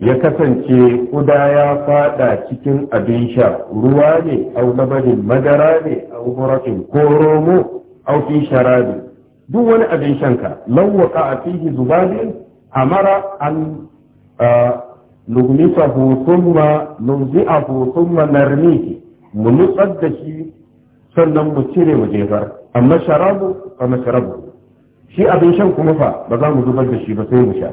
ya kasance kuda ya fada cikin abin sha ruwa ne au labarin madara ne au burakin ko romo au fi sharabi duk wani abin shanka ka a fihi zubabin amara an ah, nuglikahu a nunzi'ahu thumma narmihi mu nutsar da shi sannan mu cire mu jefar amma sharabu fa mashrabu shi abin shan kuma fa ba za mu zubar da shi ba sai mu sha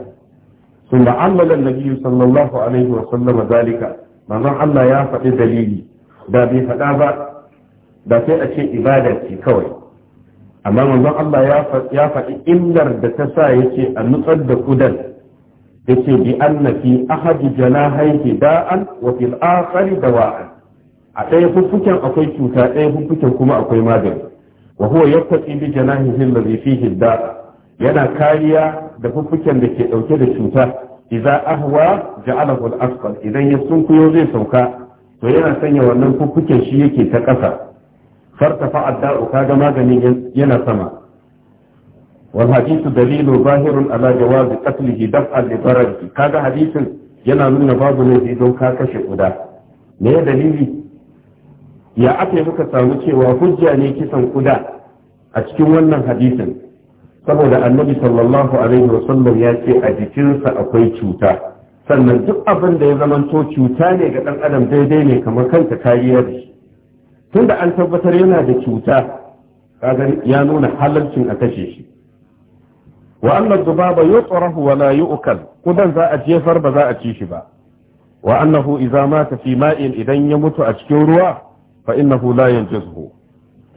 sun da ammala annabi sallallahu alaihi wa sallam zalika manzon Allah ya faɗi dalili da bai faɗa ba da sai a ce ibada ce kawai amma manzon Allah ya faɗi illar da ta sa yake a nutsar da kudan yace bi anna fi ahadi janahihi da'an wa fil akhari dawa'an a ɗaya fuffuken akwai cuta ɗaya fuffuken kuma akwai magani wa huwa yattaqi bi janahihi alladhi fihi da'a yana kariya da fuffuken da ke ɗauke da cuta idza ahwa ja'alahu al idan ya sunkuyo zai sauka to yana sanya wannan fuffuken shi yake ta ƙasa fartafa adda'u kaga maganin yana sama والحديث دليل ظاهر على جواز قتله دفعا لضرره كذا حديث yana nuna babu laifi don ka kashe kuda me ya dalili ya ake muka samu cewa hujja ne kisan kuda a cikin wannan hadisin saboda annabi sallallahu alaihi wasallam ya ce a jikinsa akwai cuta sannan duk abin da ya zamanto cuta ne ga ɗan adam daidai ne kamar kanta kariya shi tunda an tabbatar yana da cuta ya nuna halalcin a kashe shi wa anna dhubaba yutrahu wa la yu'kal kudan za a jefar ba za a ci shi ba wa annahu idza mata fi ma'in idan ya mutu a cikin ruwa fa innahu la yanjizhu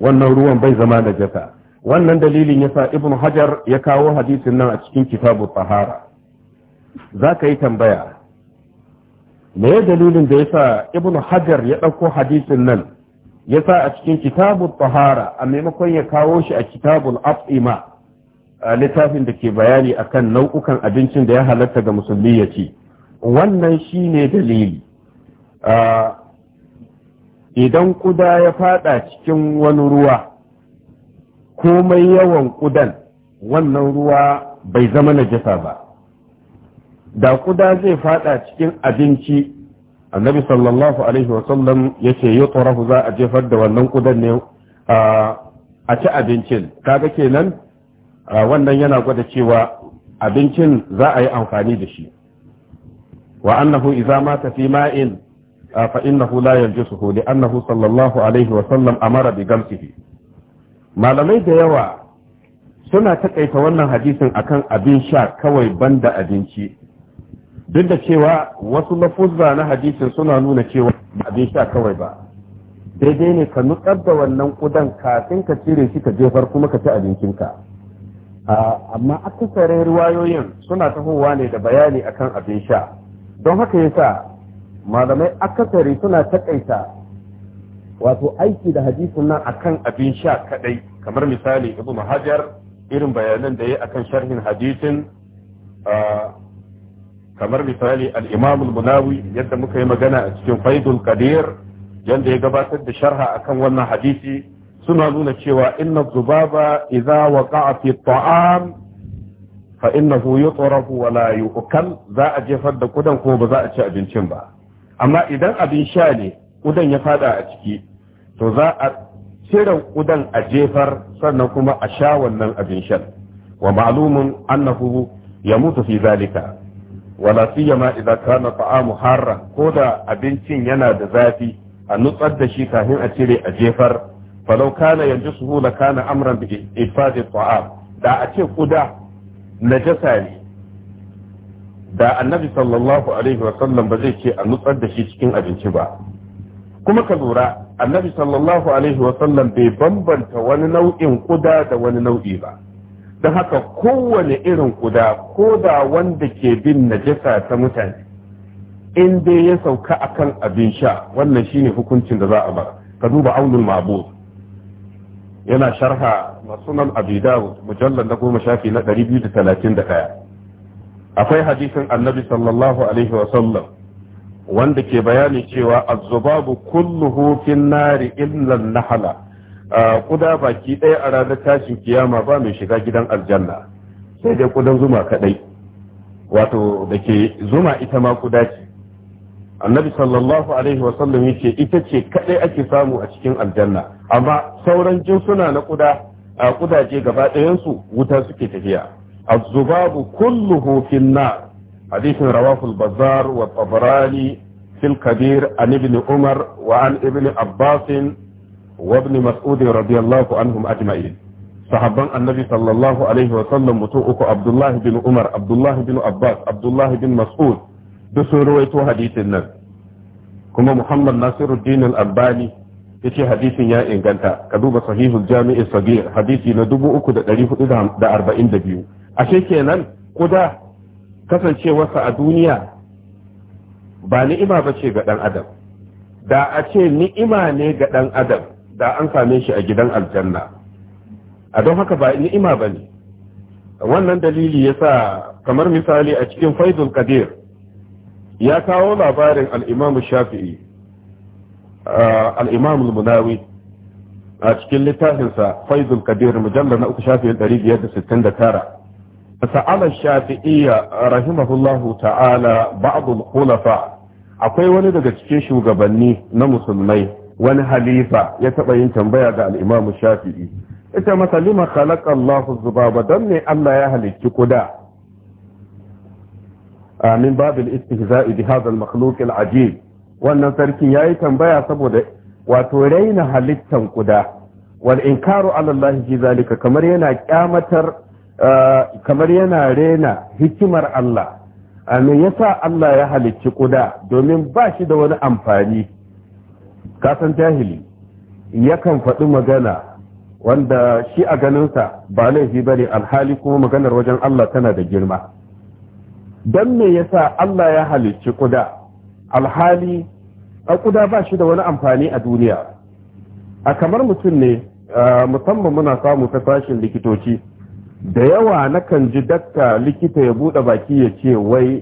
wannan ruwan bai zama da jata. wannan dalilin yasa ibn hajar ya kawo hadisin nan a cikin kitabu tahara za ka yi tambaya me ya dalilin da yasa ibn hajar ya ɗauko hadisin nan yasa a cikin kitabu tahara a maimakon ya kawo shi a kitabul af'ima littafin da ke bayani akan nau'ukan abincin da ya halatta ga musulmi ya ci wannan shi ne dalili idan kuda ya fada cikin wani ruwa komai yawan kudan wannan ruwa bai zama najasa ba da kuda zai fada cikin abinci annabi sallallahu alaihi wasallam ya ce yi za a jefar da wannan kudan ne a ci abincin kaga kenan Ah, wannan yana gwada cewa abincin za a yi amfani da shi wa annahu idza mata fi ma'in ah, fa innahu la yanjusuhu li annahu sallallahu alaihi wa sallam amara bi gamsihi malamai da yawa suna takaita wannan hadisin akan abin sha kawai banda abinci duk da cewa wasu lafuzza na hadisin suna nuna cewa abin sha kawai ba daidai ne ka nutsar da wannan kudan kafin ka cire shi ka jefar kuma ka ci abincinka amma akasarin ruwayoyin suna tahowa ne da bayani akan abin sha don haka yasa malamai akasari suna takaita wato aiki da hadisin nan akan abin sha kadai kamar misali ibnu mahajar irin bayanan da ya akan sharhin hadisin kamar misali al munawi yadda muka yi magana a cikin faidul kadir yadda ya gabatar da sharha akan wannan hadisi suna nuna cewa inna zubaba idza waqa'a fi ta'am fa innahu yutrafu wa la yu'kal za a jefar da kudan ko ba za a ci abincin ba amma idan abin sha ne kudan ya fada a ciki to za a cire kudan a jefar sannan kuma a sha wannan abin shan wa ma'lumun annahu yamutu fi zalika wala siyama idza kana ta'amu harra ko da abincin yana da zafi a nutsar da shi kafin a cire a jefar falau kana yanzu su la kana amran bi ifadi ta'am da a ce kuda najasa ne da annabi sallallahu alaihi wa sallam ba zai ce a nutsar da shi cikin abinci ba kuma ka lura annabi sallallahu alaihi wa sallam bai bambanta wani nau'in kuda da wani nau'i ba don haka kowane irin kuda ko da wanda ke bin najasa ta mutane in dai ya sauka akan abin sha wannan shine hukuncin da za a bar ka duba aunul mabud yana sharha masunan abi mujallar na goma shafi na 231 akwai hadisin annabi sallallahu alaihi wa sallam wanda ke bayani cewa azzubabu zubabu kulluhu nari illa nahala kuda baki ɗaya a ranar tashin kiyama ba mai shiga gidan aljanna sai dai kudan zuma kadai wato da ke zuma ita ma kuda ce annabi sallallahu alaihi wasallam yace ita ce kadai ake samu a cikin aljanna amma sauran jinsuna na kuda a kudaje gaba ɗayansu wuta suke tafiya az-zubabu kulluhu fin nar hadithin rawahu al-bazzar wa tabarani fil kabir an ibn umar wa an ibn abbas wa ibn mas'ud radiyallahu anhum ajma'in sahabban annabi sallallahu alaihi wasallam mutu uku abdullahi bin umar abdullahi bin abbas abdullahi bin mas'ud duk sun ruwaito hadisin nan kuma muhammad nasiruddin al-albani ya ce hadisin ya inganta ka duba sahihul jami'i sabir hadisi na 3442 ashe kenan kuda kasancewarsa a duniya ba ni'ima ba ce ga ɗan adam da a ce ni'ima ne ga ɗan adam da an same shi a gidan aljanna a don haka ba ni'ima ba ne wannan dalili ya sa kamar misali a cikin faizul kadir ya kawo labarin al'imamu shafi'i al'imamu munawi a cikin littafinsa faizul kabir mujallar na uku shafi'in 569 sa'alar shafi'iyya rahimahullahu ta'ala ba'dul khulafa akwai wani daga cikin shugabanni na musulmai wani halifa ya taɓa yin tambaya ga al'imamu shafi'i ita masa lima khalaqa Allahu zubaba don ne Allah ya halicci kuda min babul istihza'i bi hadha al-makhluq al-ajib wannan sarkin yayi tambaya saboda wato raina halittan kuda wal inkaru ala Allah ji zalika kamar yana kyamatar kamar yana rena hikimar Allah me yasa Allah ya halicci kuda domin ba shi da wani amfani Ka san jahili yakan faɗi magana wanda shi a ganinsa ba laifi bane alhali kuma maganar wajen Allah tana da girma don me yasa Allah ya halicci kuda alhali a kuda ba shi da wani amfani a duniya a kamar mutum ne musamman muna samu ta sashin likitoci da yawa nakan ji dakta likita ya bude baki ya ce wai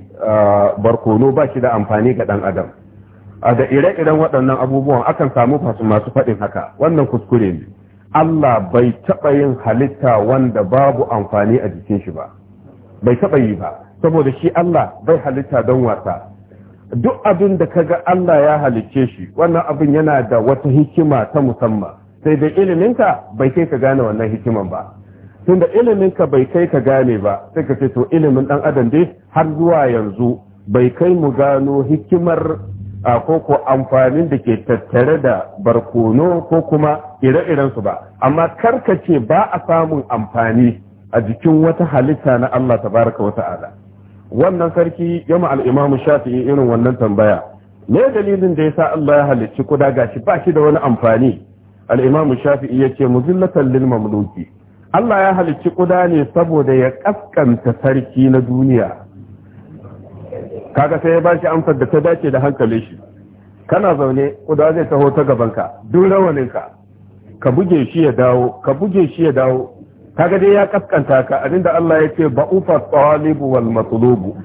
barkono ba shi da amfani ga ɗan adam a da ire-iren waɗannan abubuwan akan samu masu faɗin haka wannan kuskure ne Allah bai taɓa yin halitta wanda babu amfani a jikin shi ba bai taɓa yi ba saboda shi Allah bai halitta don wasa duk abin da kaga Allah ya halicce shi wannan abin yana da wata hikima ta musamman sai da iliminka bai kai ka gane wannan hikiman ba Tun tunda iliminka bai kai ka gane ba sai ka ce to ilimin dan adam dai har zuwa yanzu bai kai mu gano hikimar ko koko amfanin da ke tattare da barkono ko kuma ire iren su ba amma karkace ba a samun amfani a jikin wata halitta na Allah tabaraka wa ta'ala wannan sarki ma al'imamu shafi'i irin wannan tambaya ne dalilin da ya sa Allah ya halicci kuda gashi ba shi da wani amfani al'imamu shafi'i ya ce muzillatan lil mamluki Allah ya halicci kuda ne saboda ya kaskanta sarki na duniya kaga sai ya ba shi amsar da ta dace da hankalin shi kana zaune kuda zai taho ta gabanka duk rawaninka ka buge shi ya dawo ka buge shi ya dawo kaga dai ya kaskanta ka abinda Allah ya ce ba'ufa talibu wal matlubu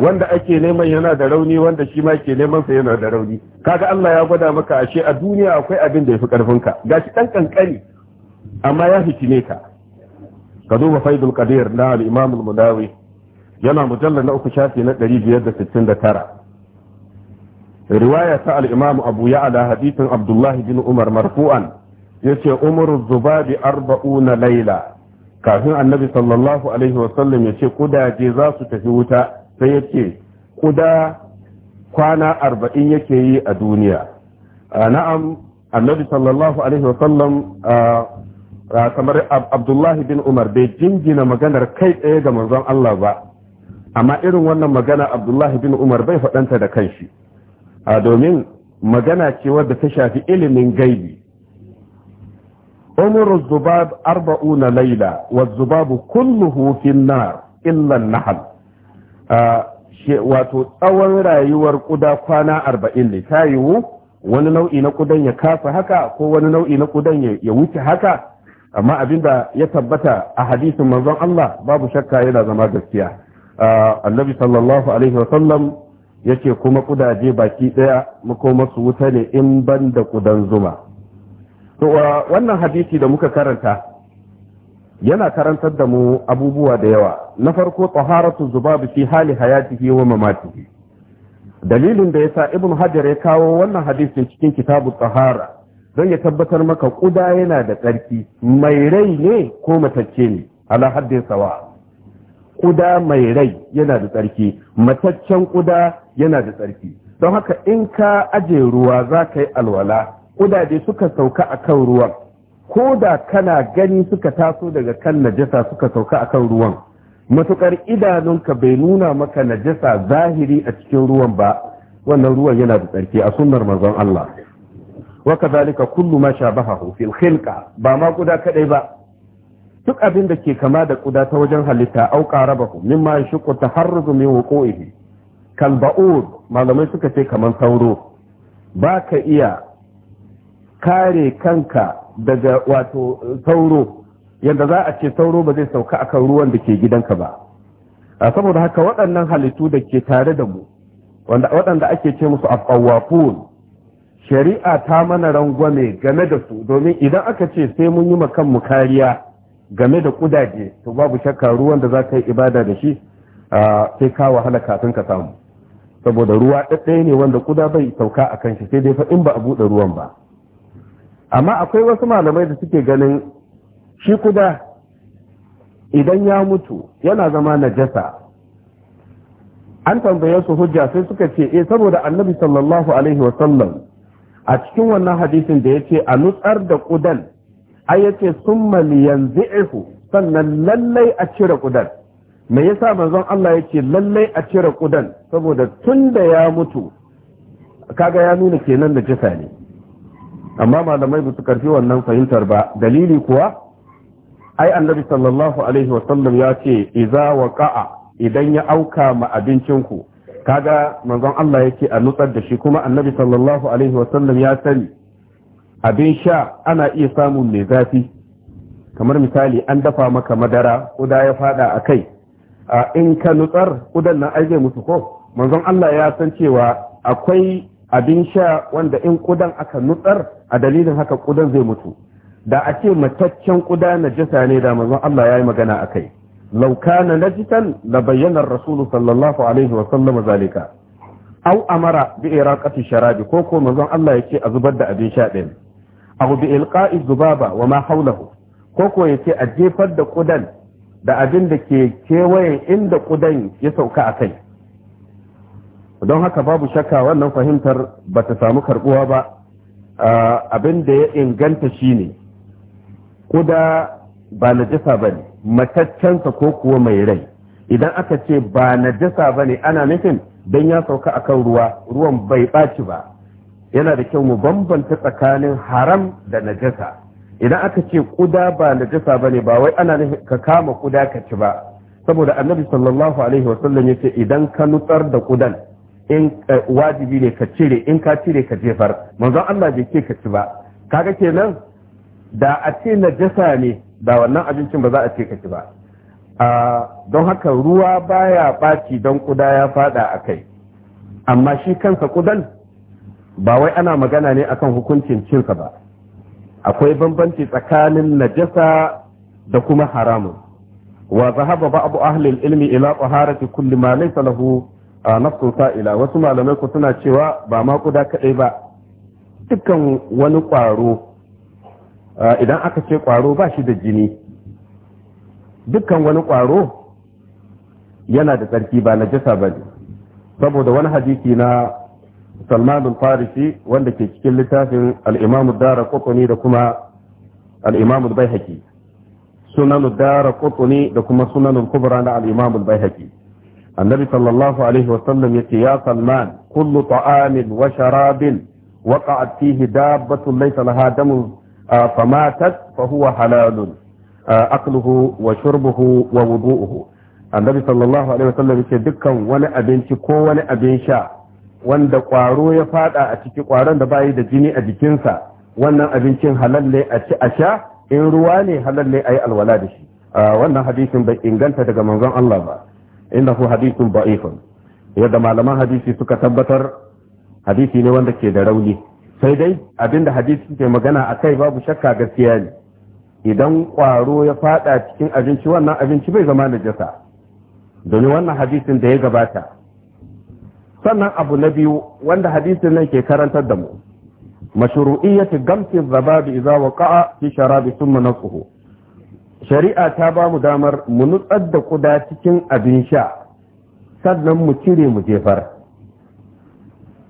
wanda ake neman yana da rauni wanda shi ma ke neman sa yana da rauni kaga Allah ya gwada maka ashe a duniya akwai abin da yafi karfin ka gashi dan kankani amma ya fitine ka ka duba faidul qadir na al-imam al-mudawi yana mujallar na uku shafi na 569 riwaya ta al-imam abu ya'la hadithin abdullahi bin umar marfu'an yace umaru zubabi arba'una laila kafin annabi sallallahu alaihi ya ce kudaje za su tafi wuta sai ya ce kuda kwana arba'in yake yi a duniya na'am annabi sallallahu alaihi kamar abdullahi bin umar bai jingina maganar kai tsaye ga manzon Allah ba amma irin wannan magana abdullahi bin umar bai faɗanta da kanshi domin magana ce wadda ta shafi ilimin gaibi umru zubab arba'una laila wa zubabu kulluhu fin nar illa nahal wato tsawon rayuwar kuda kwana arba'in ne ta yiwu wani nau'i na kudan ya kasa haka ko wani nau'i na kudan ya wuce haka amma abinda ya tabbata a hadisin manzon Allah babu shakka yana zama gaskiya annabi sallallahu alaihi wa sallam yace kuma kudaje baki daya makomasu wuta ne in ban da kudan zuma to uh, wannan hadisi da muka karanta yana karantar da mu abubuwa da yawa na farko taharatu zubabi fi hali hayatihi wa mamatihi dalilin da yasa ibn hajar ya kawo wannan hadisin cikin kitabu tahara don ya tabbatar maka kuda yana da tsarki mai rai ne ko matacce ne ala haddin sawa kuda mai rai yana da tsarki mataccen kuda yana da tsarki don haka in ka aje ruwa za ka yi alwala Kudaje suka sauka a kan ruwan ko da kana gani suka taso daga kan najasa suka sauka a kan ruwan matuƙar idanunka bai nuna maka najasa zahiri a cikin ruwan ba wannan ruwan yana da tsarki a sunnar manzon Allah wa kadhalika kullu ma shabahahu fil khilqa ba ma guda kadai ba duk abin da ke kama da kuda ta wajen halitta au qarabahu mimma yashqu taharruzu min wuqu'ihi kal ba'ud malamai suka ce kaman sauro Baka iya kare kanka daga wato sauro yadda za a ce sauro ba zai sauka akan ruwan da ke gidanka ba saboda haka waɗannan halittu da ke tare da mu waɗanda ake ce musu afawafun shari'a ta mana rangwame game da su domin idan aka ce sai mun yi mu kariya game da kudaje to babu shakka ruwan da za ka yi ibada da shi sai ka wahala kafin ka samu saboda ruwa ɗaɗɗaya ne wanda kuda bai sauka a kan shi sai dai fa in ba a buɗe ruwan ba amma akwai wasu malamai da suke ganin shi kuda idan ya mutu yana zama najasa an tambaye su hujja sai suka ce eh saboda annabi sallallahu alaihi wasallam a cikin wannan hadisin da yace a nutsar da kudan ai yace summa ihu sannan lallai a cire kudan me yasa manzon Allah yace lallai a cire kudan saboda tunda ya mutu kaga ya nuna kenan da jisa ne amma malamai ba su karfi wannan fahimtar ba dalili kuwa ai annabi sallallahu alaihi wasallam ya ce iza waqa'a idan ya auka ma abincin ku. kaga manzon Allah yake a nutsar da shi kuma annabi sallallahu alaihi wasallam ya sani abin sha ana iya samun mai zafi kamar misali an dafa maka madara kuda ya fada a kai in ka nutsar kudan nan ai zai ko manzon Allah ya san cewa akwai abin sha wanda in kudan aka nutsar a dalilin haka kudan zai mutu da a mataccen kuda na jisa ne da manzon Allah ya yi magana a kai lauka na najitan na bayyanar rasulu sallallahu alaihi wasallam zalika au amara bi iraqati sharabi koko ko manzon Allah yake a zubar da abin sha din au bi ilqa'i zubaba wa ma hawlahu ko ko yake a jefar da kudan da abin da ke kewaye inda kudan ya sauka a kai don haka babu shakka wannan fahimtar ba ta samu karbuwa ba abin da ya inganta shine kuda ba najasa ba ne mataccensa ko kuwa mai rai idan aka ce ba najasa ba ne ana nufin don ya sauka a kan ruwa ruwan bai ɓaci ba yana da kyau mu bambanta tsakanin haram da najasa idan aka ce kuda ba najasa ba ne ba wai ana nufin ka kama kuda ka ci ba saboda annabi sallallahu alaihi wasallam ce, idan ka nutsar da kudan in eh, wajibi ne ka cire in ka cire ka jefar manzon Allah bai ce ka ci ba kaga kenan da a ce najasa ne da wannan abincin ba za a ce ka ci ba ah, don haka ruwa baya ɓaci don kuda ya fada a kai amma shi kansa kudan ba wai ana magana ne akan hukuncin cinsa ba akwai bambanci tsakanin najasa da kuma haramun wa zahaba abu ahli ilmi ila taharati kulli ma laysa lahu a nafsun sa'ila wasu malamai ku suna cewa ba ma kuda kaɗai ba dukkan wani ƙwaro idan aka ce ƙwaro ba shi da jini dukkan wani ƙwaro yana da tsarki ba na jasa ba ne saboda wani hadisi na salman farisi wanda ke cikin littafin al'imamu dara kwakwani da kuma al'imamu bai haƙi sunanu dara kwakwani da kuma sunanul kubra na al'imamu bai haƙi annabi sallallahu alaihi wasallam yace ya salman kullu ta'amin wa sharabin waqa'at fihi dabbatun laysa laha damun famatat fa huwa halalun akluhu wa shurbuhu wa wudu'uhu annabi sallallahu alaihi wasallam yace dukkan wani abinci ko wani abin sha wanda kwaro ya fada a ciki kwaron da bayi da jini a jikinsa wannan abincin halal a ci a sha in ruwa ne halal a yi alwala da shi wannan hadisin bai inganta daga manzon Allah ba ku hadithun da'ifun yadda malaman hadisi suka tabbatar hadisi ne wanda ke da rauni sai dai abinda hadisi ke magana a kai babu shakka gaskiya ne idan kwaro ya fada cikin abinci wannan abinci bai zama najasa domin wannan hadisin da ya gabata sannan abu na biyu wanda hadisin nan ke karantar da mu mashru'iyyatu gamsi zababi idza waqa'a fi sharabi thumma nasquhu shari'a ta ba mu damar mu nutsar da kuda cikin abin sha sannan mu cire mu jefar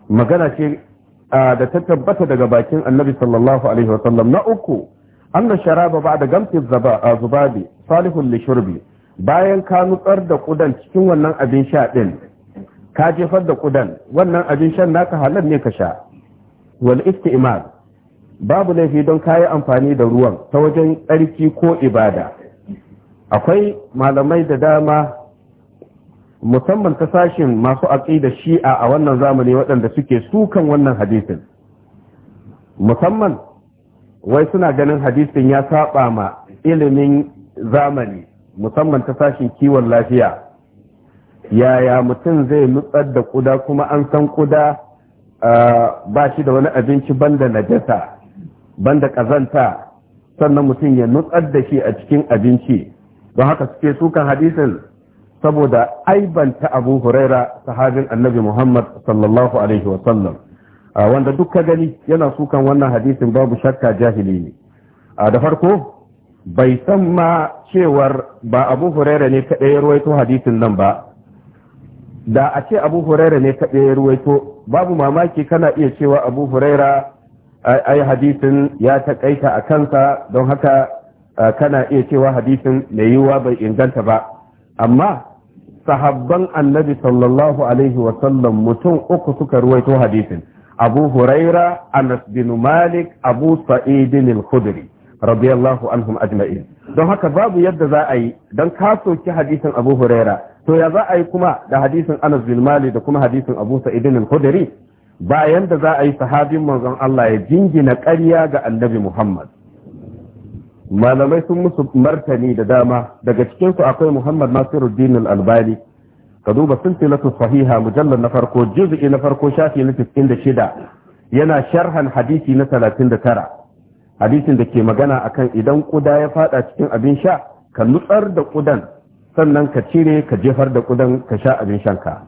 magana ce da ta tabbata daga bakin annabi sallallahu alaihi wa sallam na uku anna sharaba ba da a zubabi salihun lishurbi bayan ka nutsar da kudan cikin wannan abin sha din ka jefar da kudan wannan abin shan naka halal ne ka sha wal istimal babu laifi don kayi amfani da ruwan ta wajen tsarki ko ibada akwai malamai da dama musamman ta sashin masu da shi'a a wannan zamani waɗanda suke sukan wannan hadisin musamman wai suna ganin hadisin ya saba ma ilimin zamani musamman ta sashin kiwon lafiya yaya mutum zai nutsar da kuda kuma an san kuda ah, ba shi da wani abinci banda najasa banda kazanta sannan mutum ya nutsar da shi a cikin abinci don haka suke sukan hadisin saboda aibanta abu huraira sahabin annabi muhammad sallallahu alaihi wasallam wanda duk ka gani yana sukan wannan hadisin babu shakka jahili ne da farko bai san ma cewar ba abu huraira ne kaɗai ya ruwaito hadisin nan ba da a ce abu huraira ne kaɗai ya ruwaito babu mamaki kana iya cewa abu huraira ai hadisin ya taƙaita a kansa don haka kana iya cewa hadisin mai yiwuwa bai inganta ba amma sahabban annabi sallallahu alaihi wasallam mutum uku suka ruwaito hadisin abu huraira anas bin malik abu sa'idin al-khudri radiyallahu anhum ajma'in don haka babu yadda za a yi don kasoki hadisin abu huraira to ya za a yi kuma da hadisin anas bin malik da kuma hadisin abu sa'idin al-khudri bayan da za a yi sahabin manzon Allah ya jingina ƙarya ga annabi Muhammad malamai sun musu martani da dama daga cikinsu akwai Muhammad Nasiruddin al-Albani ka duba silsilatu sahiha mujallar na farko juz'i na farko shafi na shida yana sharhan hadisi na da tara. hadisin da ke magana akan idan kuda ya fada cikin abin sha ka nutsar da kudan sannan ka cire ka jefar da kudan ka sha abin shanka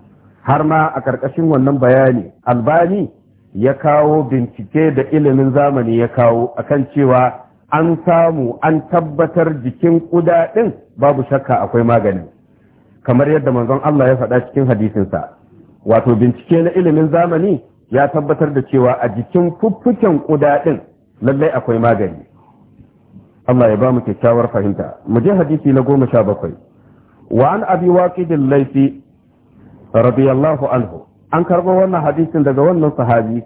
har ma a ƙarƙashin wannan bayani albani ya kawo bincike da ilimin zamani ya kawo akan cewa an samu an tabbatar jikin ƙuda babu shakka akwai magani kamar yadda manzon Allah ya faɗa cikin hadisinsa wato bincike na ilimin zamani ya tabbatar da cewa a jikin fuffuken ƙuda ɗin lallai akwai magani Allah ya ba mu kyakkyawar fahimta mu je hadisi na goma sha bakwai wa an abi waqidil laifi radiyallahu anhu an karɓo wannan hadisin daga wannan sahabi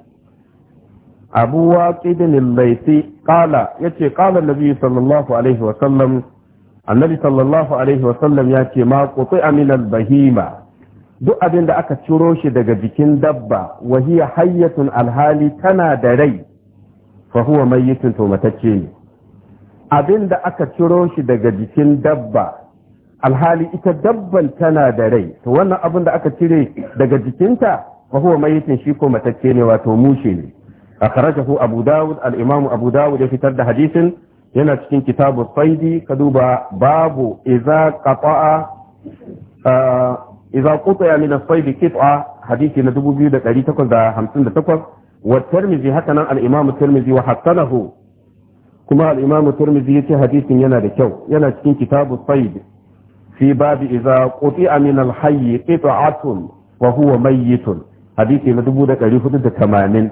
abu waqidin al-laisi qala yace qala nabi sallallahu alaihi wa sallam annabi sallallahu alaihi wa sallam yace ma quti'a min bahima duk abin da aka ciro shi daga jikin dabba wa hiya hayyatun alhali tana da rai fa huwa mayyitun to matacce ne abin da aka ciro shi daga jikin dabba alhali ita dabban tana da rai to wannan abin da aka cire daga jikinta fa huwa mayitin shi ko matacce ne wato mushe ne akhrajahu abu dawud al-imam abu dawud ya fitar da hadisin yana cikin kitabu saidi ka duba babu idza qata'a idza qutaya min as-saidi qit'a hadisi na 2858 wa tirmidhi haka nan al-imam tirmidhi wa hasanahu kuma al-imam tirmidhi yace hadisin yana da kyau yana cikin kitabu saidi fi babu iza quti min al hayy qita'atun wa huwa mayyitun hadisi na 1480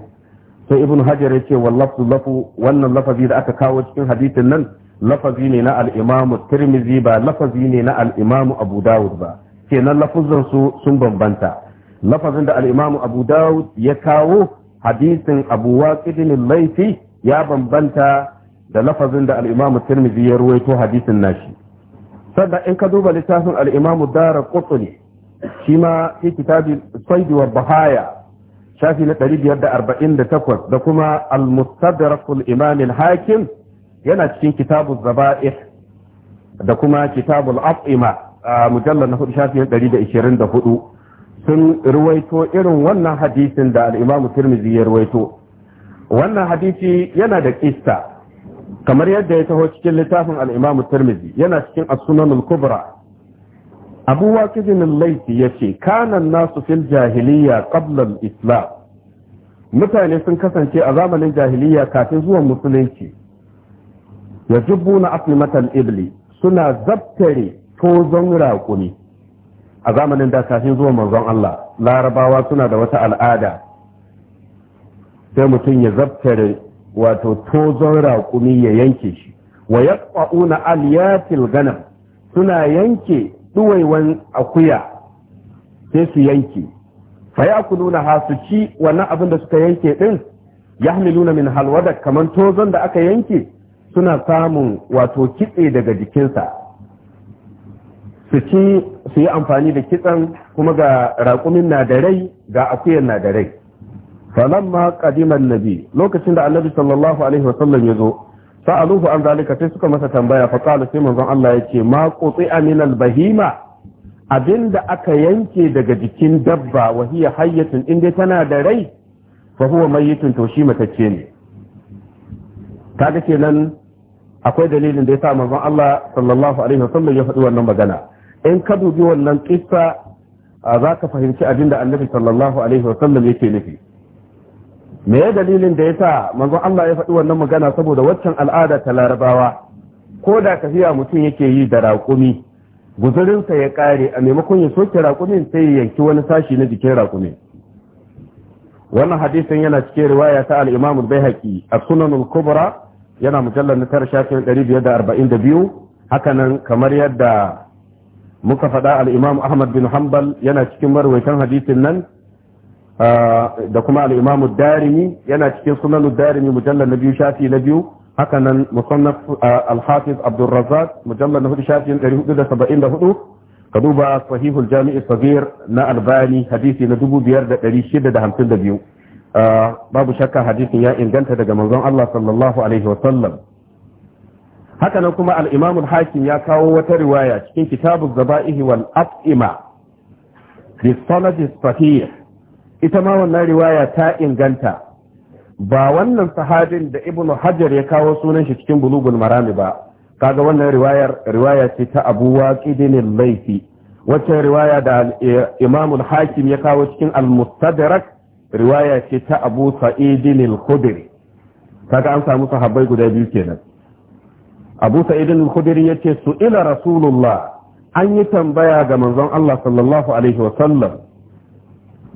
sai ibn hajar yace wallafu lafu wannan lafazi da aka kawo cikin hadisin nan lafazi ne na al-imamu tirmizi ba lafazi ne na al abu dawud ba kenan lafuzan su sun bambanta lafazin da al-imamu abu dawud ya kawo hadisin abu waqidin laifi ya bambanta da lafazin da al-imamu tirmizi ya ruwaito hadisin nashi sannan in ka duba littafin al'imamu dara kutsuni shi ma shi kitabi saidi wa bahaya shafi na 548 da kuma al-mustadrakul imam hakim yana cikin kitabu zaba'ih da kuma kitabul af'ima a mujallar na hudu shafi na 124 sun ruwaito irin wannan hadisin da al-imamu tirmidhi ya ruwaito wannan hadisi yana da kista kamar yadda ya taho cikin littafin al’imamu imam yana cikin asunan al-Kubra Abuwa kijinin laifi ya ce, kanan nasu fil jahiliyya qabla islam mutane sun kasance a zamanin jahiliya kafin zuwan musulunci na matan ibli suna zaftare tozon raƙumi a zamanin da kafin zuwa manzon Allah larabawa suna da wata al'ada sai mutum ya zaftare wato tozon raƙumi ya yanke shi wa yaqauna aliyatil ganam suna yanke duwaiwan akuya sai su yanke fa yakuluna ha su ci wannan abin da suka yanke din nuna min halwada kamar tozon da aka yanke suna samun wato kitse daga jikinsa su ci su yi amfani da kitsen kuma ga raƙumin na da rai ga akuyan na da rai falamma qadima nabi lokacin da annabi sallallahu alaihi wasallam ya zo sa'aluhu an zalika sai suka masa tambaya fa qala sai manzon Allah yace ma quti'a min al-bahima abinda aka yanke daga jikin dabba wa hiya hayyatun inda tana da rai fa huwa mayyitun to shi matacce ne kaga kenan akwai dalilin da yasa manzon Allah sallallahu alaihi wasallam ya faɗi wannan magana in ka dubi wannan kissa za ka fahimci abinda annabi sallallahu alaihi wasallam yake nufi me ya dalilin da ya yasa manzon Allah ya faɗi wannan magana saboda waccan al'ada ta larabawa ko da tafiya mutum yake yi da raƙumi guzurinsa ya ƙare a maimakon ya soke raƙumin sai ya yanki wani sashi na jikin raƙumin wannan hadisin yana cikin riwaya ta al-Imam al-Baihaqi a Sunan al-Kubra yana mujallar na tara shafin haka hakanan kamar yadda muka faɗa al-Imam Ahmad bin Hanbal yana cikin marwaitan hadisin nan da kuma al darimi yana cikin sunan darimi mujallar na biyu shafi na biyu hakanan nan musannaf al-hafiz abdul razzaq mujallar na hudu shafi 474 ka duba sahihul jami'i sabir na albani hadisi na dubu biyar da da da ɗari shida hamsin biyu. babu shakka hadisin ya inganta daga manzon Allah sallallahu alaihi Wasallam. Hakanan kuma Al'imamu hakim ya kawo wata riwaya cikin kitabuz zaba'ihi wal af'ima bi sanadi sahih ita ma wannan riwaya ta inganta ba wannan sahabin da ibnu hajar ya kawo sunan shi cikin bulugul marami ba kaga wannan riwayar riwaya ce ta abu waqidin laifi wacce riwaya da imam al-hakim ya kawo cikin al-mustadrak riwaya ce ta abu sa'idin al-khudri kaga an samu sahabbai guda biyu kenan abu sa'idin al-khudri yace su ila rasulullah an yi tambaya ga manzon Allah sallallahu alaihi wa sallam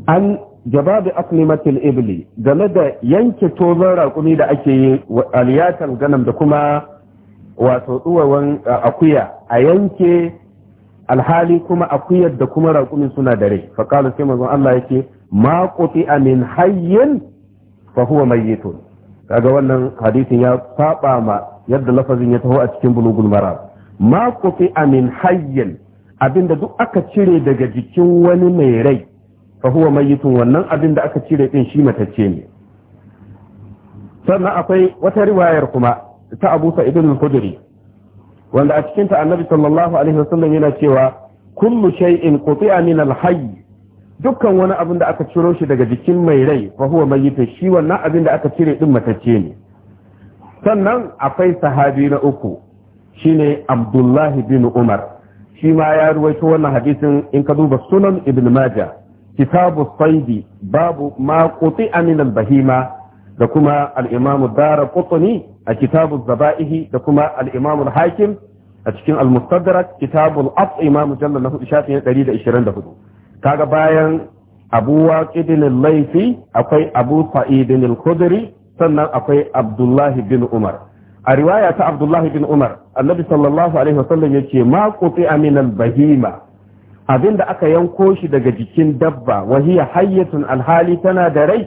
an jababi aklimatil ibli game da yanke tozon raƙumi da ake yi aliyatan ganam da kuma wato tsuwawan akuya a yanke alhali kuma akuyar da kuma raƙumin suna da rai faƙalu sai manzon Allah yake ma quti Amin hayyin fa huwa mayyitun kaga wannan hadisin ya saba ma yadda lafazin ya taho a cikin bulugul maram ma quti min hayyin abinda duk aka cire daga jikin wani mai rai fa huwa mayyitun wannan abin da aka cire din shi matacce ne sannan akwai wata riwayar kuma ta Abu Sa'id al wanda a cikin ta Annabi sallallahu alaihi wasallam yana cewa kullu shay'in quti'a min al-hayy dukkan wani abin da aka ciro shi daga jikin mai rai fa huwa mayyitun shi wannan abin da aka cire din matacce ne sannan akwai sahabi na uku shine Abdullahi bin Umar shi ma ya ruwaito wannan hadisin in ka duba sunan Ibn Majah kitabu saidi babu ma quti min bahima da kuma al-imamu dara a kitabu zaba'ihi da kuma al-imamu hakim a cikin al-mustadrak kitabu al-at'ima mujallal na 124 kaga bayan abu waqidin laifi akwai abu sa'idin al sannan akwai abdullahi bin umar a riwaya ta abdullahi bin umar annabi sallallahu alaihi wasallam yace ma quti min al-bahima abin da aka yanko shi daga jikin dabba wahiya hayyatun alhali tana da rai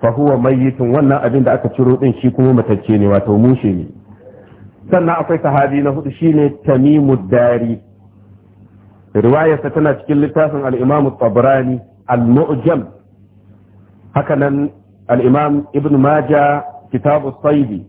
fa huwa mayyitun wannan abin da aka ciro din shi kuma matacce ne wato mushe ne sannan akwai sahabi na hudu shine Tamimu dari riwayarsa tana cikin littafin al-imam tabrani al-mu'jam hakanan al-imam ibn majah kitabu saidi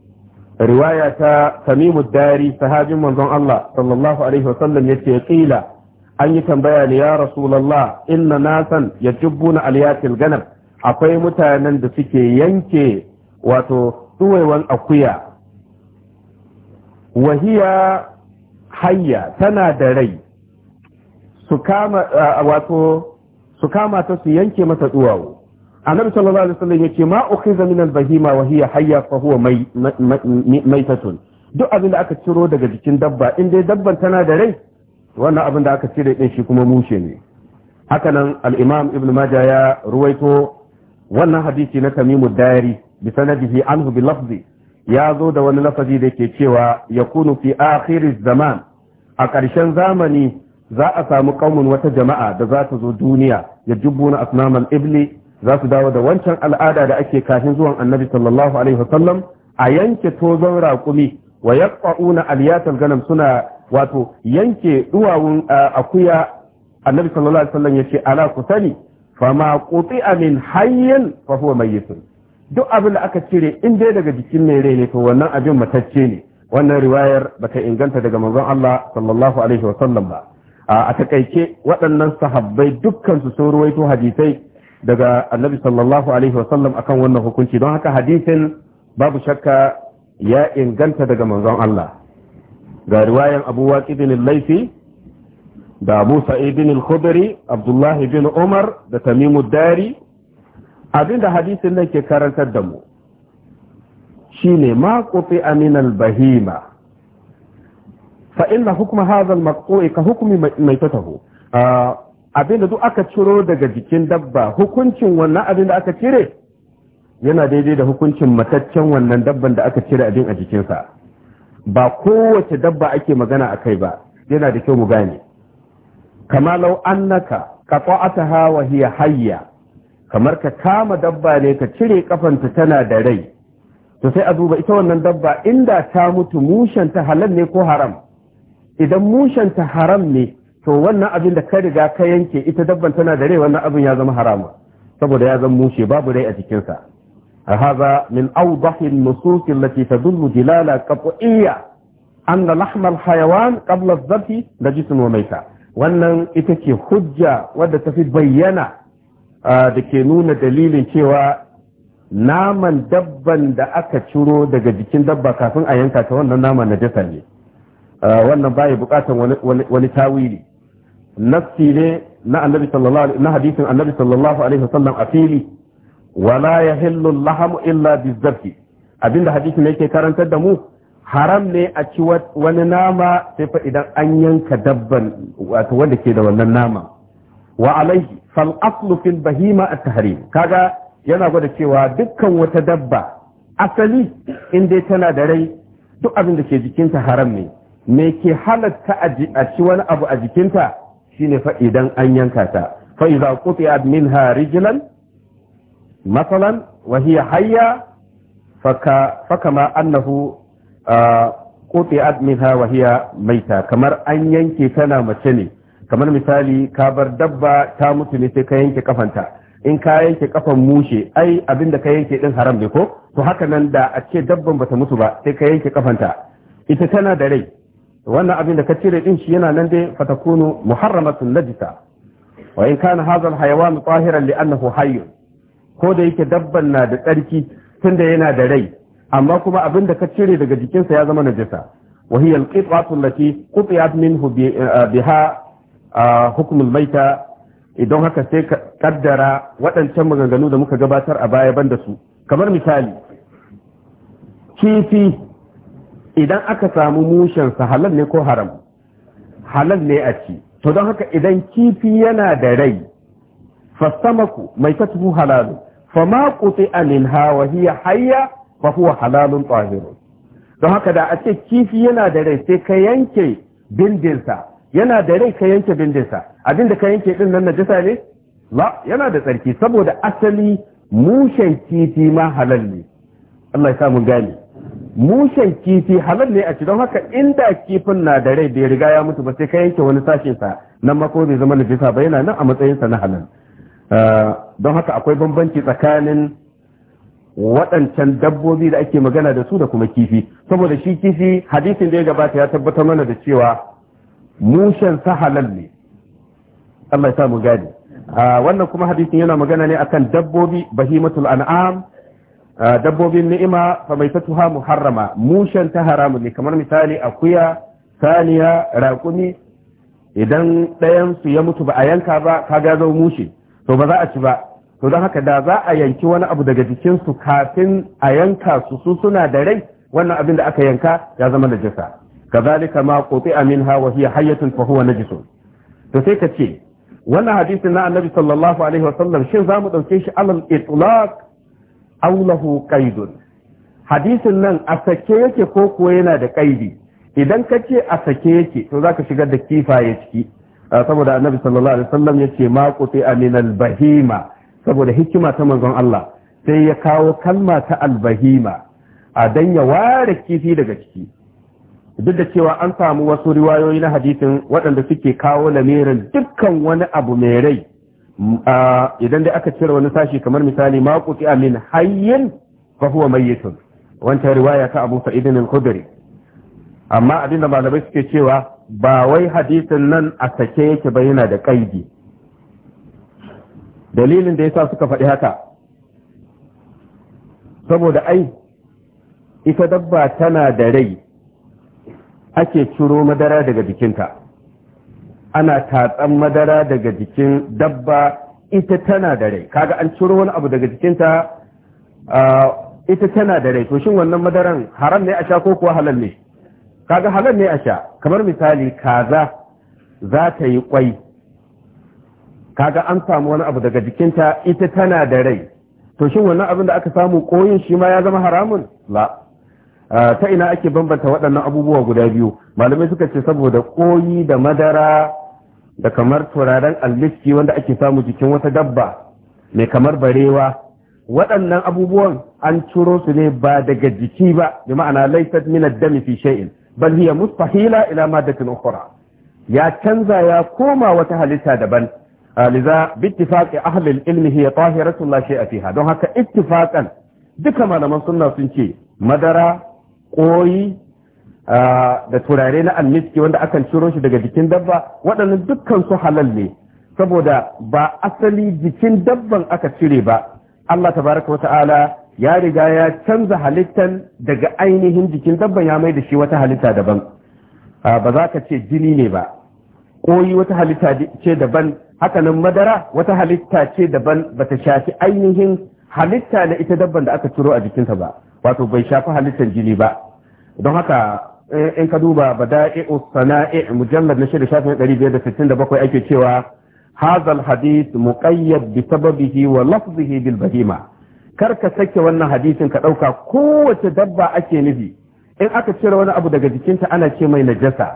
riwaya ta tamimud dari sahabin manzon Allah sallallahu alaihi wasallam yace qila an yi tambaya ne ya rasulullah inna nasan yajubbuna aliyatil ganar. akwai mutanen da suke yanke wato tsuwaiwan akuya wahiya hayya tana da rai su kama wato su kama ta su yanke mata duwawo annabi sallallahu alaihi wasallam yake ma ukhiza min al-bahima wa hiya hayya fa huwa maitatun duk abin da aka ciro daga jikin dabba in dai dabban tana da rai wannan abin da aka cire din shi kuma mushe ne hakanan al-imam ibn majah ya ruwaito wannan hadisi na tamimu dayari bi sanadihi anhu bi lafzi ya zo da wani lafazi da ke cewa yakunu fi akhiriz zaman a ƙarshen zamani za a samu kaumun wata jama'a da za ta zo duniya ya jubbuna asnamal ibli za su dawo da wancan al'ada da ake kafin zuwan annabi sallallahu alaihi wasallam a yanke tozon raƙumi wa yaqauna aliyatal ganam suna wato yanke duwawun akuya annabi sallallahu alaihi wasallam yace ala ku sani fama quti'a min hayyin fa huwa mayyitun duk abin da aka cire in dai daga jikin mai rai ne to wannan abin matacce ne wannan riwayar bata inganta daga manzon Allah sallallahu alaihi wasallam ba a takaice waɗannan sahabbai dukkan su sun ruwaito hadisai daga annabi sallallahu alaihi wasallam akan wannan hukunci don haka hadisin babu shakka ya inganta daga manzon Allah ga riwayan abu waqidin laifi da musa ibn al-khudri abdullahi bin umar da tamimu dari abinda hadisin nan ke karantar da mu shine ma quti min al-bahima fa inna hukma hadha al-maqtu'i ka hukmi maitatahu ah, abinda duk aka ciro daga jikin dabba hukuncin wannan abinda aka cire yana daidai da hukuncin mataccen wannan dabban da aka cire abin a jikinsa ba kowace dabba ake magana a kai ba yana da kyau mu gane kama lau annaka ka qata'ataha hawa, hiya hayya kamar ka kama dabba ne ka cire kafanta tana da rai to sai a duba ita wannan dabba inda ta mutu mushen ta halal ne ko haram idan mushen ta haram ne to wannan abin da ka riga ka yanke ita dabban tana da rai wannan abin ya zama harama saboda ya zama mushe babu rai a jikinsa هذا من أوضح النصوص التي تدل دلالة قطعية أن لحم الحيوان قبل الذبح نجس وميتا wannan ita ce hujja wadda tafi bayyana da ke nuna dalilin cewa naman dabban da aka ciro daga jikin dabba kafin a yanka ta wannan naman na jasa ne wannan baya bukatan wani tawili nafsi ne na hadisin annabi sallallahu alaihi a fili wala ya hillu lahamu illa bizzafi abinda ne yake karantar da mu haram ne a ci wani nama sai fa idan an yanka dabban wato wanda ke da wannan nama wa alaihi fal aslu fil bahima at tahrim kaga yana gwada cewa dukkan wata dabba asali inda tana da rai duk abin da ke jikinta haram ne me ke halatta a ci wani abu a jikinta shine fa idan an yanka ta fa idza qutiya minha rijlan مثلا وهي حية فك فكما أنه قطعت منها وهي ميتة كما أن ينكي تنا متني كما مثالي كابر دبا تامت نسيك yanke kafanta in ka yanke kafan mushe ai abinda ka yanke din haram ne ko to hakanan da a dabban bata mutu ba sai ka yanke kafanta ita tana da rai wannan abin da ka cire din shi yana nan dai fatakunu muharramatun najisa wa in kana hadha alhayawan tahiran li'annahu hayyun ko da yake dabban na da tsarki tunda yana da rai amma kuma abin da ka cire daga jikinsa ya zama najasa wa hiya alqit'atu allati qutiyat minhu eh, biha ah, hukm maita, idan haka sai ka kaddara waɗancan maganganu da muka gabatar a baya banda su kamar misali kifi idan aka samu mushensa halal ne ko haram halal ne a ci to don haka idan kifi yana da rai fastamaku mai katubu halalu فما قطع منها وهي hiya فهو fa طاهر halalun tahirun don haka da a ce kifi yana da rai sai ka yanke bindinsa yana da rai ka yanke bindinsa abinda ka yanke din nan najasa ne la yana da tsarki saboda asali mushen kifi ma halal ne Allah ya sa mu gane mushen kifi halal ne a ci don haka inda kifin na da rai bai riga ya mutu ba sai ka yanke wani sashin sa nan ma ko bai zama najasa ba yana nan a matsayin sa na halal Eh, don haka akwai bambanci tsakanin waɗancan dabbobi da ake magana da su da kuma kifi saboda shi kifi hadisin da ya gabata ya tabbatar mana da cewa mushen sa halal ne Allah ya sa gadi ah, wannan kuma hadisin yana magana ne akan dabbobi bahimatul an'am ah, dabbobin ni'ima fa mai tatuha muharrama mushen ta haramu ne kamar misali akuya saniya raƙumi idan ɗayan su ya mutu ba a yanka ba kaga zo mushe to ba za a ci ba to don haka da za a yanki wani abu daga jikinsu kafin a yanka su su suna da rai wannan abin da aka yanka ya zama najasa kazalika ma quti'a minha wa hiya hayyatun fa huwa najisun to sai ka ce wannan hadisin na annabi sallallahu alaihi wa sallam shin za mu dauke shi alal itlaq aw lahu qaidun hadisin nan a sake yake ko kuwa yana da kaidi idan ka ce a sake yake to zaka shigar da kifaye ciki saboda annabi sallallahu alaihi wasallam yace ma kuti aminal bahima saboda hikima ta manzon Allah sai ya kawo kalma ta albahima a dan ya ware kifi daga ciki duk da cewa an samu wasu riwayoyi na hadisin waɗanda suke kawo lamirin dukkan wani abu mai rai idan dai aka cire wani sashi kamar misali ma kuti amin hayyin fa huwa mayyitun wancan riwaya ta Abu Sa'id al-Khudri amma abinda malamai suke cewa ba wai hadisin nan a sake yake ba yana da ƙaidi dalilin da yasa suka faɗi haka saboda ai ita dabba tana da rai ake ciro madara daga jikinta ana tatsan madara daga jikin dabba ita tana da rai kaga an ciro wani abu daga jikinta ah, ita tana da rai to shin wannan madaran haram ne a sha ko kuwa halal ne kaga halar ne a sha kamar misali kaza za ta yi kwai kaga an samu wani abu daga jikinta ita tana da rai to shin wannan abin da aka samu koyin shi ma ya zama haramun la ah, ta ina ake bambanta waɗannan abubuwa guda biyu malamai suka ce saboda koyi da madara da kamar turaren alliski wanda ake samu jikin wata dabba mai kamar barewa waɗannan abubuwan an ciro su ne ba daga jiki ba bi ma'ana laysat min ad-dami fi shay'in bal hiya mustahila ila maddatin ukhra ya canza ya koma wata halitta daban liza bittifaqi ahli al-ilmi hiya tahiratu la shay'a fiha don haka ittifaqan duka malaman sunna sun ce madara ƙoyi, da turare na almiski wanda akan ciro shi daga jikin dabba waɗannan dukansu su halal ne saboda ba asali bikin dabban aka cire ba Allah tabaraka wata'ala ya riga ya canza halittan daga ainihin jikin dabban ya mai da shi wata halitta daban ah, ba za ka ce jini ne ba koyi wata halitta ce daban hakanan madara wata halitta ce daban ba ta shafi ainihin halitta na ita dabban da aka ciro a jikinta ba wato bai shafi halittan jini ba don haka eh, in ka duba bada'i'u sana'i mujallad na shida shafin 567 ake cewa hadha hadith muqayyad bi sababihi wa lafzihi bil bahima kar ka sake wannan hadisin ka ɗauka kowace dabba ake nufi in aka cire wani abu daga jikinta ana ce mai najasa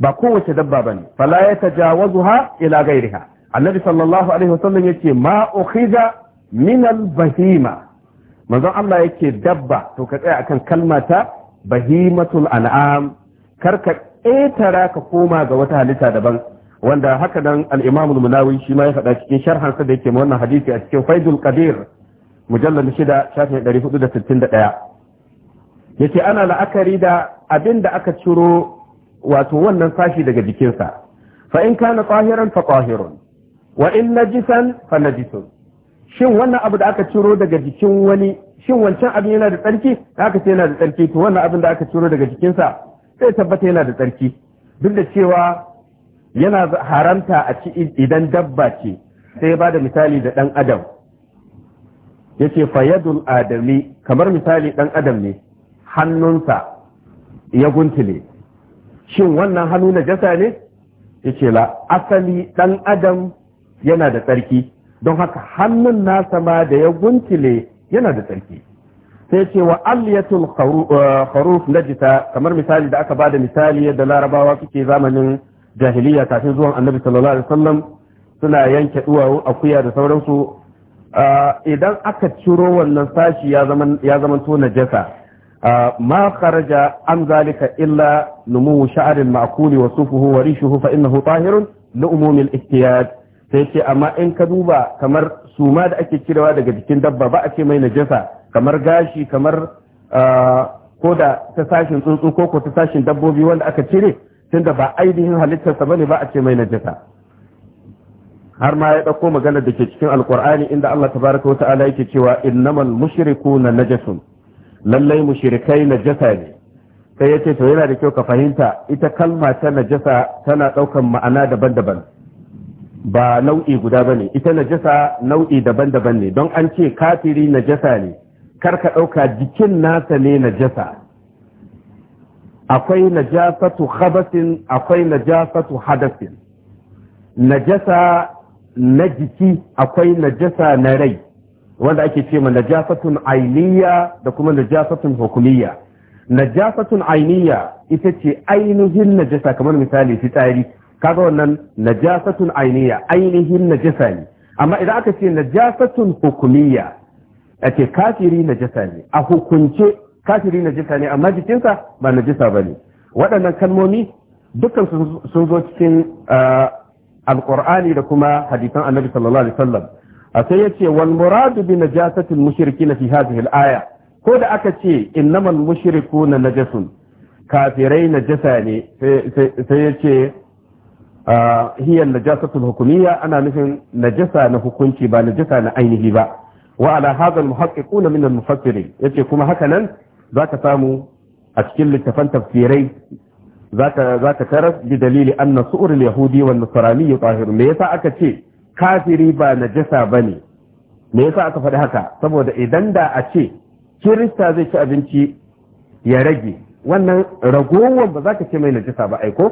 ba kowace dabba ba ne. fala ya ha ila gairiha annabi sallallahu alaihi wasallam yace ma ukhiza min al bahima manzon Allah yake dabba to ka tsaya akan kalmata bahimatul an'am kar ka ƙetara ka koma ga wata halitta daban wanda haka nan al-imamul munawi shi ma ya faɗa cikin sharhansa da yake wannan hadisi a cikin faidul qadir mujallar shida shafin ɗari hudu da sittin da ɗaya ya ce ana la'akari da abin da aka ciro wato wannan sashi daga jikinsa fa in kana tsahiran fa tsahirun wa in najisan fa najisun shin wannan abu da aka ciro daga jikin wani shin wancan abin yana da tsarki da aka ce yana da tsarki to wannan abin da aka ciro daga jikinsa sai tabbata yana da tsarki duk da cewa yana haramta a ci idan dabba ce sai ba da misali da ɗan adam yace fayadul adami kamar misali dan adam ne hannunsa ya guntule shin wannan hannu na jasa ne yace la asali dan adam yana da tsarki don haka hannun nasa ma da ya guntule yana da tsarki sai ce wa aliyatul kharuf eh, najisa kamar misali da aka bada misali yadda larabawa suke zamanin jahiliya kafin zuwan annabi sallallahu alaihi wasallam suna yanke duwawu akuya da sauransu Ah, idan aka ciro wannan sashi ya zama to najasa ah, ma kharaja an zalika illa numuhu makuni ma'kuli wa sufuhu wa rishuhu fa innahu tahirun li umumil ihtiyaj sai ce amma in ka duba kamar suma da ake cirewa daga jikin dabba ba a ce mai najasa kamar gashi kamar ah, ko da ta sashin tsuntsu ko ko ta sashin dabbobi wanda aka cire tunda ba ainihin halittarsa bane ba a ce mai najasa har ma ya ɗauko maganar da ke cikin alkur'ani inda Allah tabaraka wa ta'ala yake cewa innamal mushrikuna najasun lallai mushrikai najasa ne sai yace to yana da kyau ka fahimta ita kalma ta najasa tana ɗaukan ma'ana daban-daban ba nau'i guda bane ita najasa nau'i daban-daban ne don an ce kafiri najasa ne kar ka ɗauka jikin nasa ne najasa akwai najasatu khabasin akwai najasatu hadasin najasa na jiki akwai najasa na rai wanda ake ce ma najasatun ainiya da kuma najasatun hukumiyya najasatun ainiya ita ce ainihin najasa kamar misali fitsari kaga wannan najasatun ainiya ainihin najasa ne amma idan aka ce najasatun hukumiyya ake ce kafiri najasa ne a hukunce kafiri najasa ne amma jikinsa ba najasa ba ne waɗannan kalmomi dukkan sun zo cikin ah, alqur'ani da kuma hadisan annabi sallallahu alaihi wasallam a sai yace wal muradu bi najasatil mushrikina fi hadhihi al-aya ko da aka ce innamal mushrikuna najasun kafirai najasa ne sai yace ah, hiya najasatul hukumiyya ana nufin najasa na hukunci ba najasa na ainihi ba wa ala hadha al-muhaqqiquna min al-mufakkirin yace kuma haka nan zaka samu a cikin littafan tafsirai zaka zaka tarar bi dalili anna su'ur al-yahudi wan nasrani yutahir me yasa aka ce kafiri ba najasa bane me yasa aka faɗi haka saboda idan da a ce kirista zai ci abinci ya rage wannan ragowar ba za ka ce mai najasa ba aiko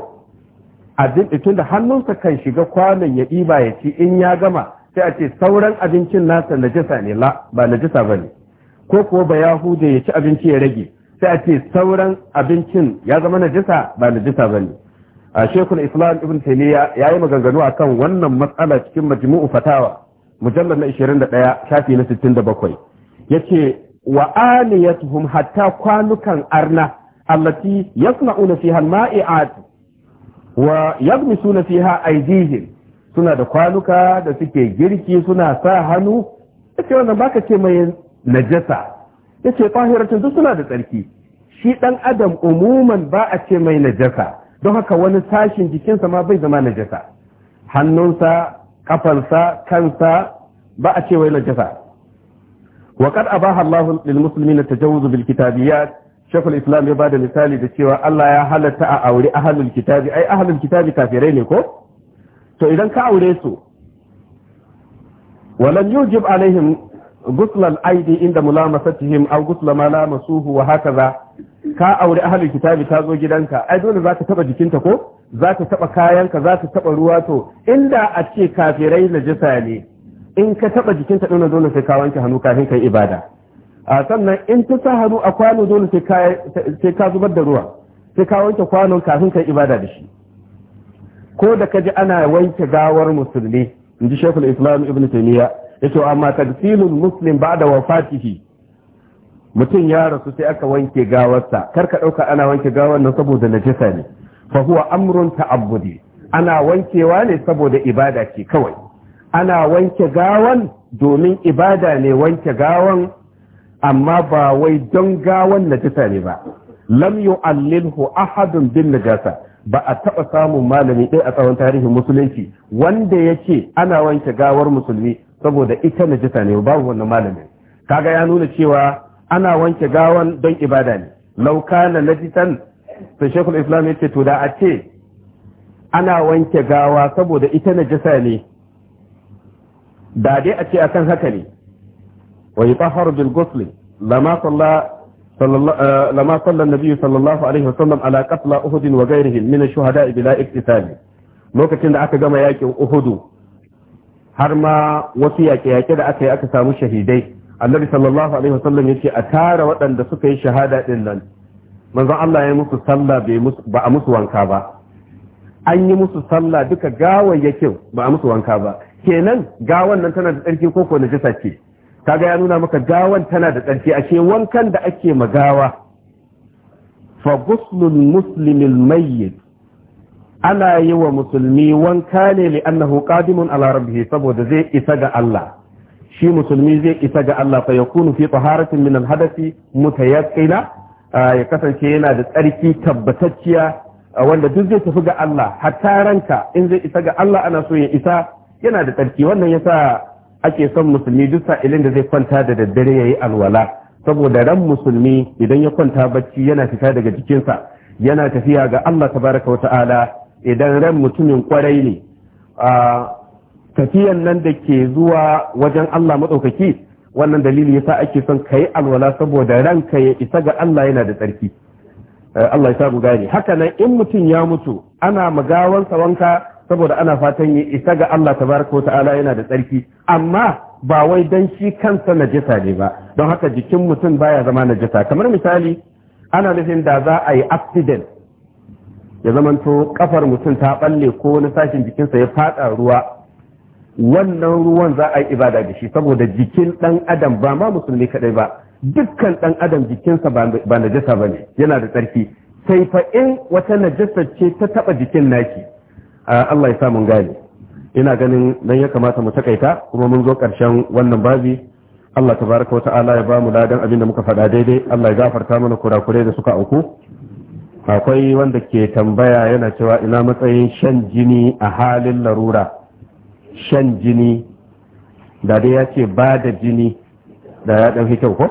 abin tun da hannunsa kan shiga kwanon ya ɗiba ya ci in ya gama sai a ce sauran abincin nasa najasa ne la ba najasa ba ne ko kuwa ba yahude ya ci abinci ya rage sai a ce sauran abincin ya zama na jisa ba jisa ba ne a shekul islam ibn taimiyya ya yi maganganu a kan wannan matsala cikin majmu'u fatawa mujallar na 21 shafi na 67 ya ce wa aniyatuhum hatta kwanukan arna allati yasna'una fiha al-ma'i'at wa yagmisuna fiha aydihim suna da kwanuka da suke girki suna sa hannu ce wannan baka ce mai najasa yace tahiratun duk suna da tsarki shi dan adam umuman ba a ce mai najasa don haka wani sashin jikinsa ma bai zama najasa hannunsa kafansa kansa ba a ce wai najasa wa kad abaha Allah lil muslimina tajawuz bil kitabiyat shaykhul islam ya bada misali da cewa Allah ya halatta a aure ahlul kitabi ai ahlul kitabi kafirai ne ko to idan ka aure su walan yujib alaihim غسل الأيدي عند ملامستهم أو غسل ما لامسوه وهكذا ka aure ahalin kitabi ta zo gidanka ai dole za ta taba jikinta ko za ta taba kayanka za ta taba ruwa to inda a ce kafirai najasa ne in ka taba jikinta dole dole sai ka wanke hannu kafin kai ibada a sannan in ta sa hannu a kwano dole sai ka zubar da ruwa sai ka wanke kwanon kafin kai ibada da shi ko da kaji ana wanke gawar musulmi in ji shekul islam ibn taymiya yace amma tagsilul muslim ba'da wafatihi mutum ya rasu sai aka wanke gawarsa kar ka dauka ana wanke gawar nan saboda najasa ne fa huwa amrun ta'abbudi ana wankewa ne saboda ibada ce kawai ana wanke gawan domin ibada ne wanke gawan amma ba wai don gawan najasa ne ba lam yu'allilhu ahadun bin najasa ba a taɓa samun malami ɗaya a tsawon tarihin musulunci wanda ya ce ana wanke gawar musulmi saboda ita najisa ne babu wannan malamin kaga ya nuna cewa ana wanke gawan don ibada ne lauka na najisan sai shekul islam ya ce to da a ce ana wanke gawa saboda ita najisa ne da dai a ce akan haka ne wa yutahharu bil ghusl lama salla لما صلى النبي صلى الله عليه وسلم على قتلى min shuhada من الشهداء بلا اكتساب da aka gama yakin Uhudu har ma wasu yaƙe-yaƙe da aka yi aka samu shahidai annabi sallallahu alaihi wasallam yace a tara waɗanda suka yi shahada din nan manzon Allah ya musu sallah ba a musu wanka ba an yi musu sallah duka gawayyakin ba a musu wanka ba kenan gawan nan tana da tsarki ko ko najasa ce kaga ya nuna maka gawan tana da tsarki ashe wankan da ake magawa fa ghuslul muslimil mayyit ana yi wa musulmi wanka ne li annahu qadimun ala rabbih saboda zai isa ga Allah shi musulmi zai isa ga Allah fa yakunu fi taharatin min alhadathi mutayaqqina ya kasance yana da tsarki tabbatacciya wanda duk zai tafi ga Allah hatta ranka in zai isa ga Allah ana so ya isa yana da tsarki wannan yasa ake son musulmi duk sa'ilin da zai kwanta da daddare yayi alwala saboda ran musulmi idan ya kwanta bacci yana fita daga jikinsa yana tafiya ga Allah tabaraka wata'ala idan ran mutumin kwarai ne tafiyan nan da ke zuwa wajen Allah maɗaukaki wannan dalili yasa ake son ka yi alwala saboda ranka ya isa ga Allah yana da tsarki eh, Allah ya sa mu gane haka nan in mutum ya mutu ana magawansa wanka saboda ana fatan ya isa ga Allah tabaraka wa ta'ala yana da tsarki amma ba wai dan shi kansa najasa ne ba don haka jikin mutum baya zama najasa kamar misali ana nufin da za a yi accident ya zamanto kafar mutum ta balle ko wani sashin jikinsa ya fada ruwa wannan ruwan za a yi ibada da shi saboda jikin dan adam ba ma musulmi kadai ba dukkan dan adam jikinsa ba najasa ba ne yana da tsarki sai fa in wata najasa ce ta taba jikin naki Allah ya sa mun gane ina ganin dan ya kamata mu takaita kuma mun zo karshen wannan babi Allah tabaraka wa ta'ala ya ba mu ladan abin da muka faɗa daidai Allah ya gafarta mana kurakurai da suka auku akwai wanda ke tambaya yana cewa ina matsayin shan jini a halin larura shan jini da dai ya ce ba da jini da ya ɗauki kyau ko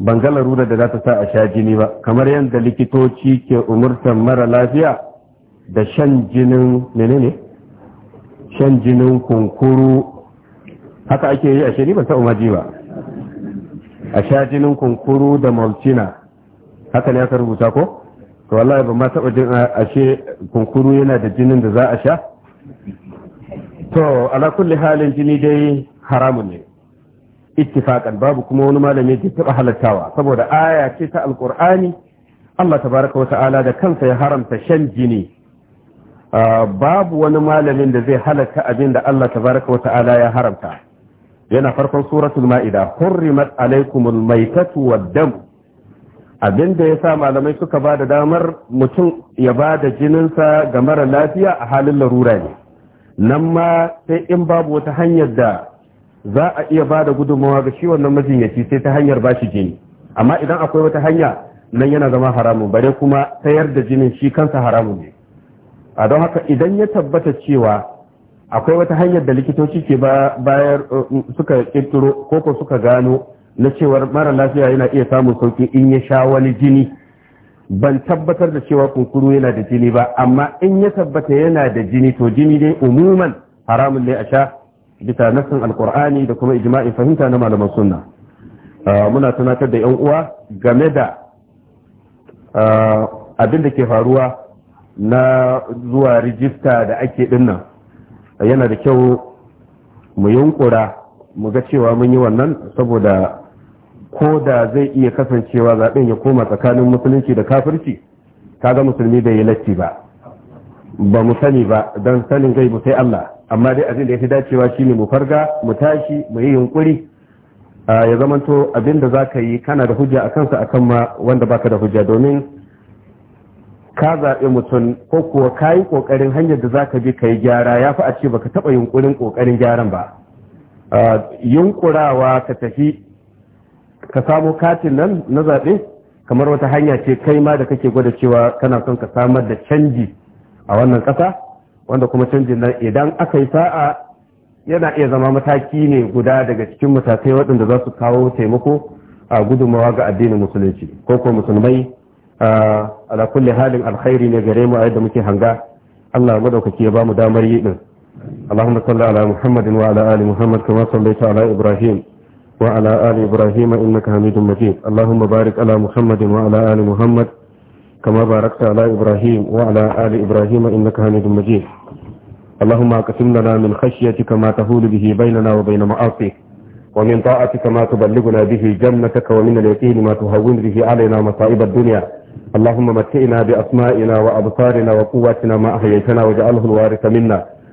ban ga larura da za ta sa a sha jini ba kamar yadda likitoci ke umurtar mara lafiya da shan jinin menene shan jinin kunkuru haka ake yi a shani ba ta umarji ba a sha jinin kunkuru da malcina haka ne aka rubuta ko to wallahi ba ma taba jin ashe kunkuru yana da jinin da za a sha to ala kulli halin jini dai haramun ne ittifaqan babu kuma wani malami da taba halattawa saboda aya ce ta alqur'ani Allah tabaraka wa ta'ala da kansa ya haramta shan jini babu wani malamin da zai halatta abin da Allah tabaraka wa ta'ala ya haramta yana farkon suratul ma'ida hurrimat alaykumul maytatu wad-damu abin da ya sa malamai suka ba da damar mutum ya ba da jininsa ga mara lafiya a halin larura ne nan ma sai in babu wata hanyar da za a iya ba da gudunmawa ga shi wannan majinyaci sai ta hanyar ba shi jini amma idan akwai wata hanya nan yana zama haramun bare kuma sayar da jinin shi kansa haramun ne a don haka idan ya tabbata cewa akwai wata hanyar da likitoci ke bayar uh, suka ko ko suka gano na cewar mara lafiya yana iya samun sauki in ya sha wani jini ban tabbatar da cewa kunkuru yana da jini ba amma in ya tabbata yana da jini to jini dai umuman haramun ne a sha bisa nassin alkur'ani da kuma ijma'in fahimta na malaman sunna ah, muna tunatar da yan uwa game da ah, abin da ke faruwa na zuwa rijista da ake dinnan yana da kyau mu yunkura mu ga cewa mun yi wannan saboda ko da zai iya kasancewa zaɓen ya koma tsakanin musulunci da kafirci kaga musulmi bai yi latti ba ba mu sani ba don sanin mu sai Allah amma dai abin da ya fi dacewa ne mu farga mu tashi mu yi yunkuri ya zamanto abin da za ka yi kana da hujja a kansa a kan ma wanda baka da hujja domin ka zaɓi mutum ko kuwa ka yi ƙoƙarin hanyar da za ka bi ka yi gyara ya fi a ce baka taɓa yunƙurin ƙoƙarin gyaran ba yunkurawa ka tafi ka samo katin nan na zaɓe kamar wata hanya ce kai ma da kake gwada cewa kana son ka samar da canji a wannan ƙasa wanda kuma canjin nan idan aka yi sa'a yana iya zama mataki ne guda daga cikin matakai waɗanda za su kawo taimako a gudunmawa ga addinin musulunci ko kuma musulmai ala kulli halin alkhairi ne gare mu a yadda muke hanga Allah madaukaki ya mu damar yi din اللهم صل على محمد وعلى آل محمد كما صليت على إبراهيم وعلى آل إبراهيم إنك حميد مجيد اللهم بارك على محمد وعلى آل محمد كما باركت على إبراهيم وعلى آل إبراهيم إنك حميد مجيد اللهم أقسم لنا من خشيتك ما تهول به بيننا وبين معاصيك ومن طاعتك ما تبلغنا به جنتك ومن اليقين ما تهون به علينا مصائب الدنيا اللهم متئنا بأسمائنا وأبصارنا وقواتنا ما أحييتنا وجعله الوارث منا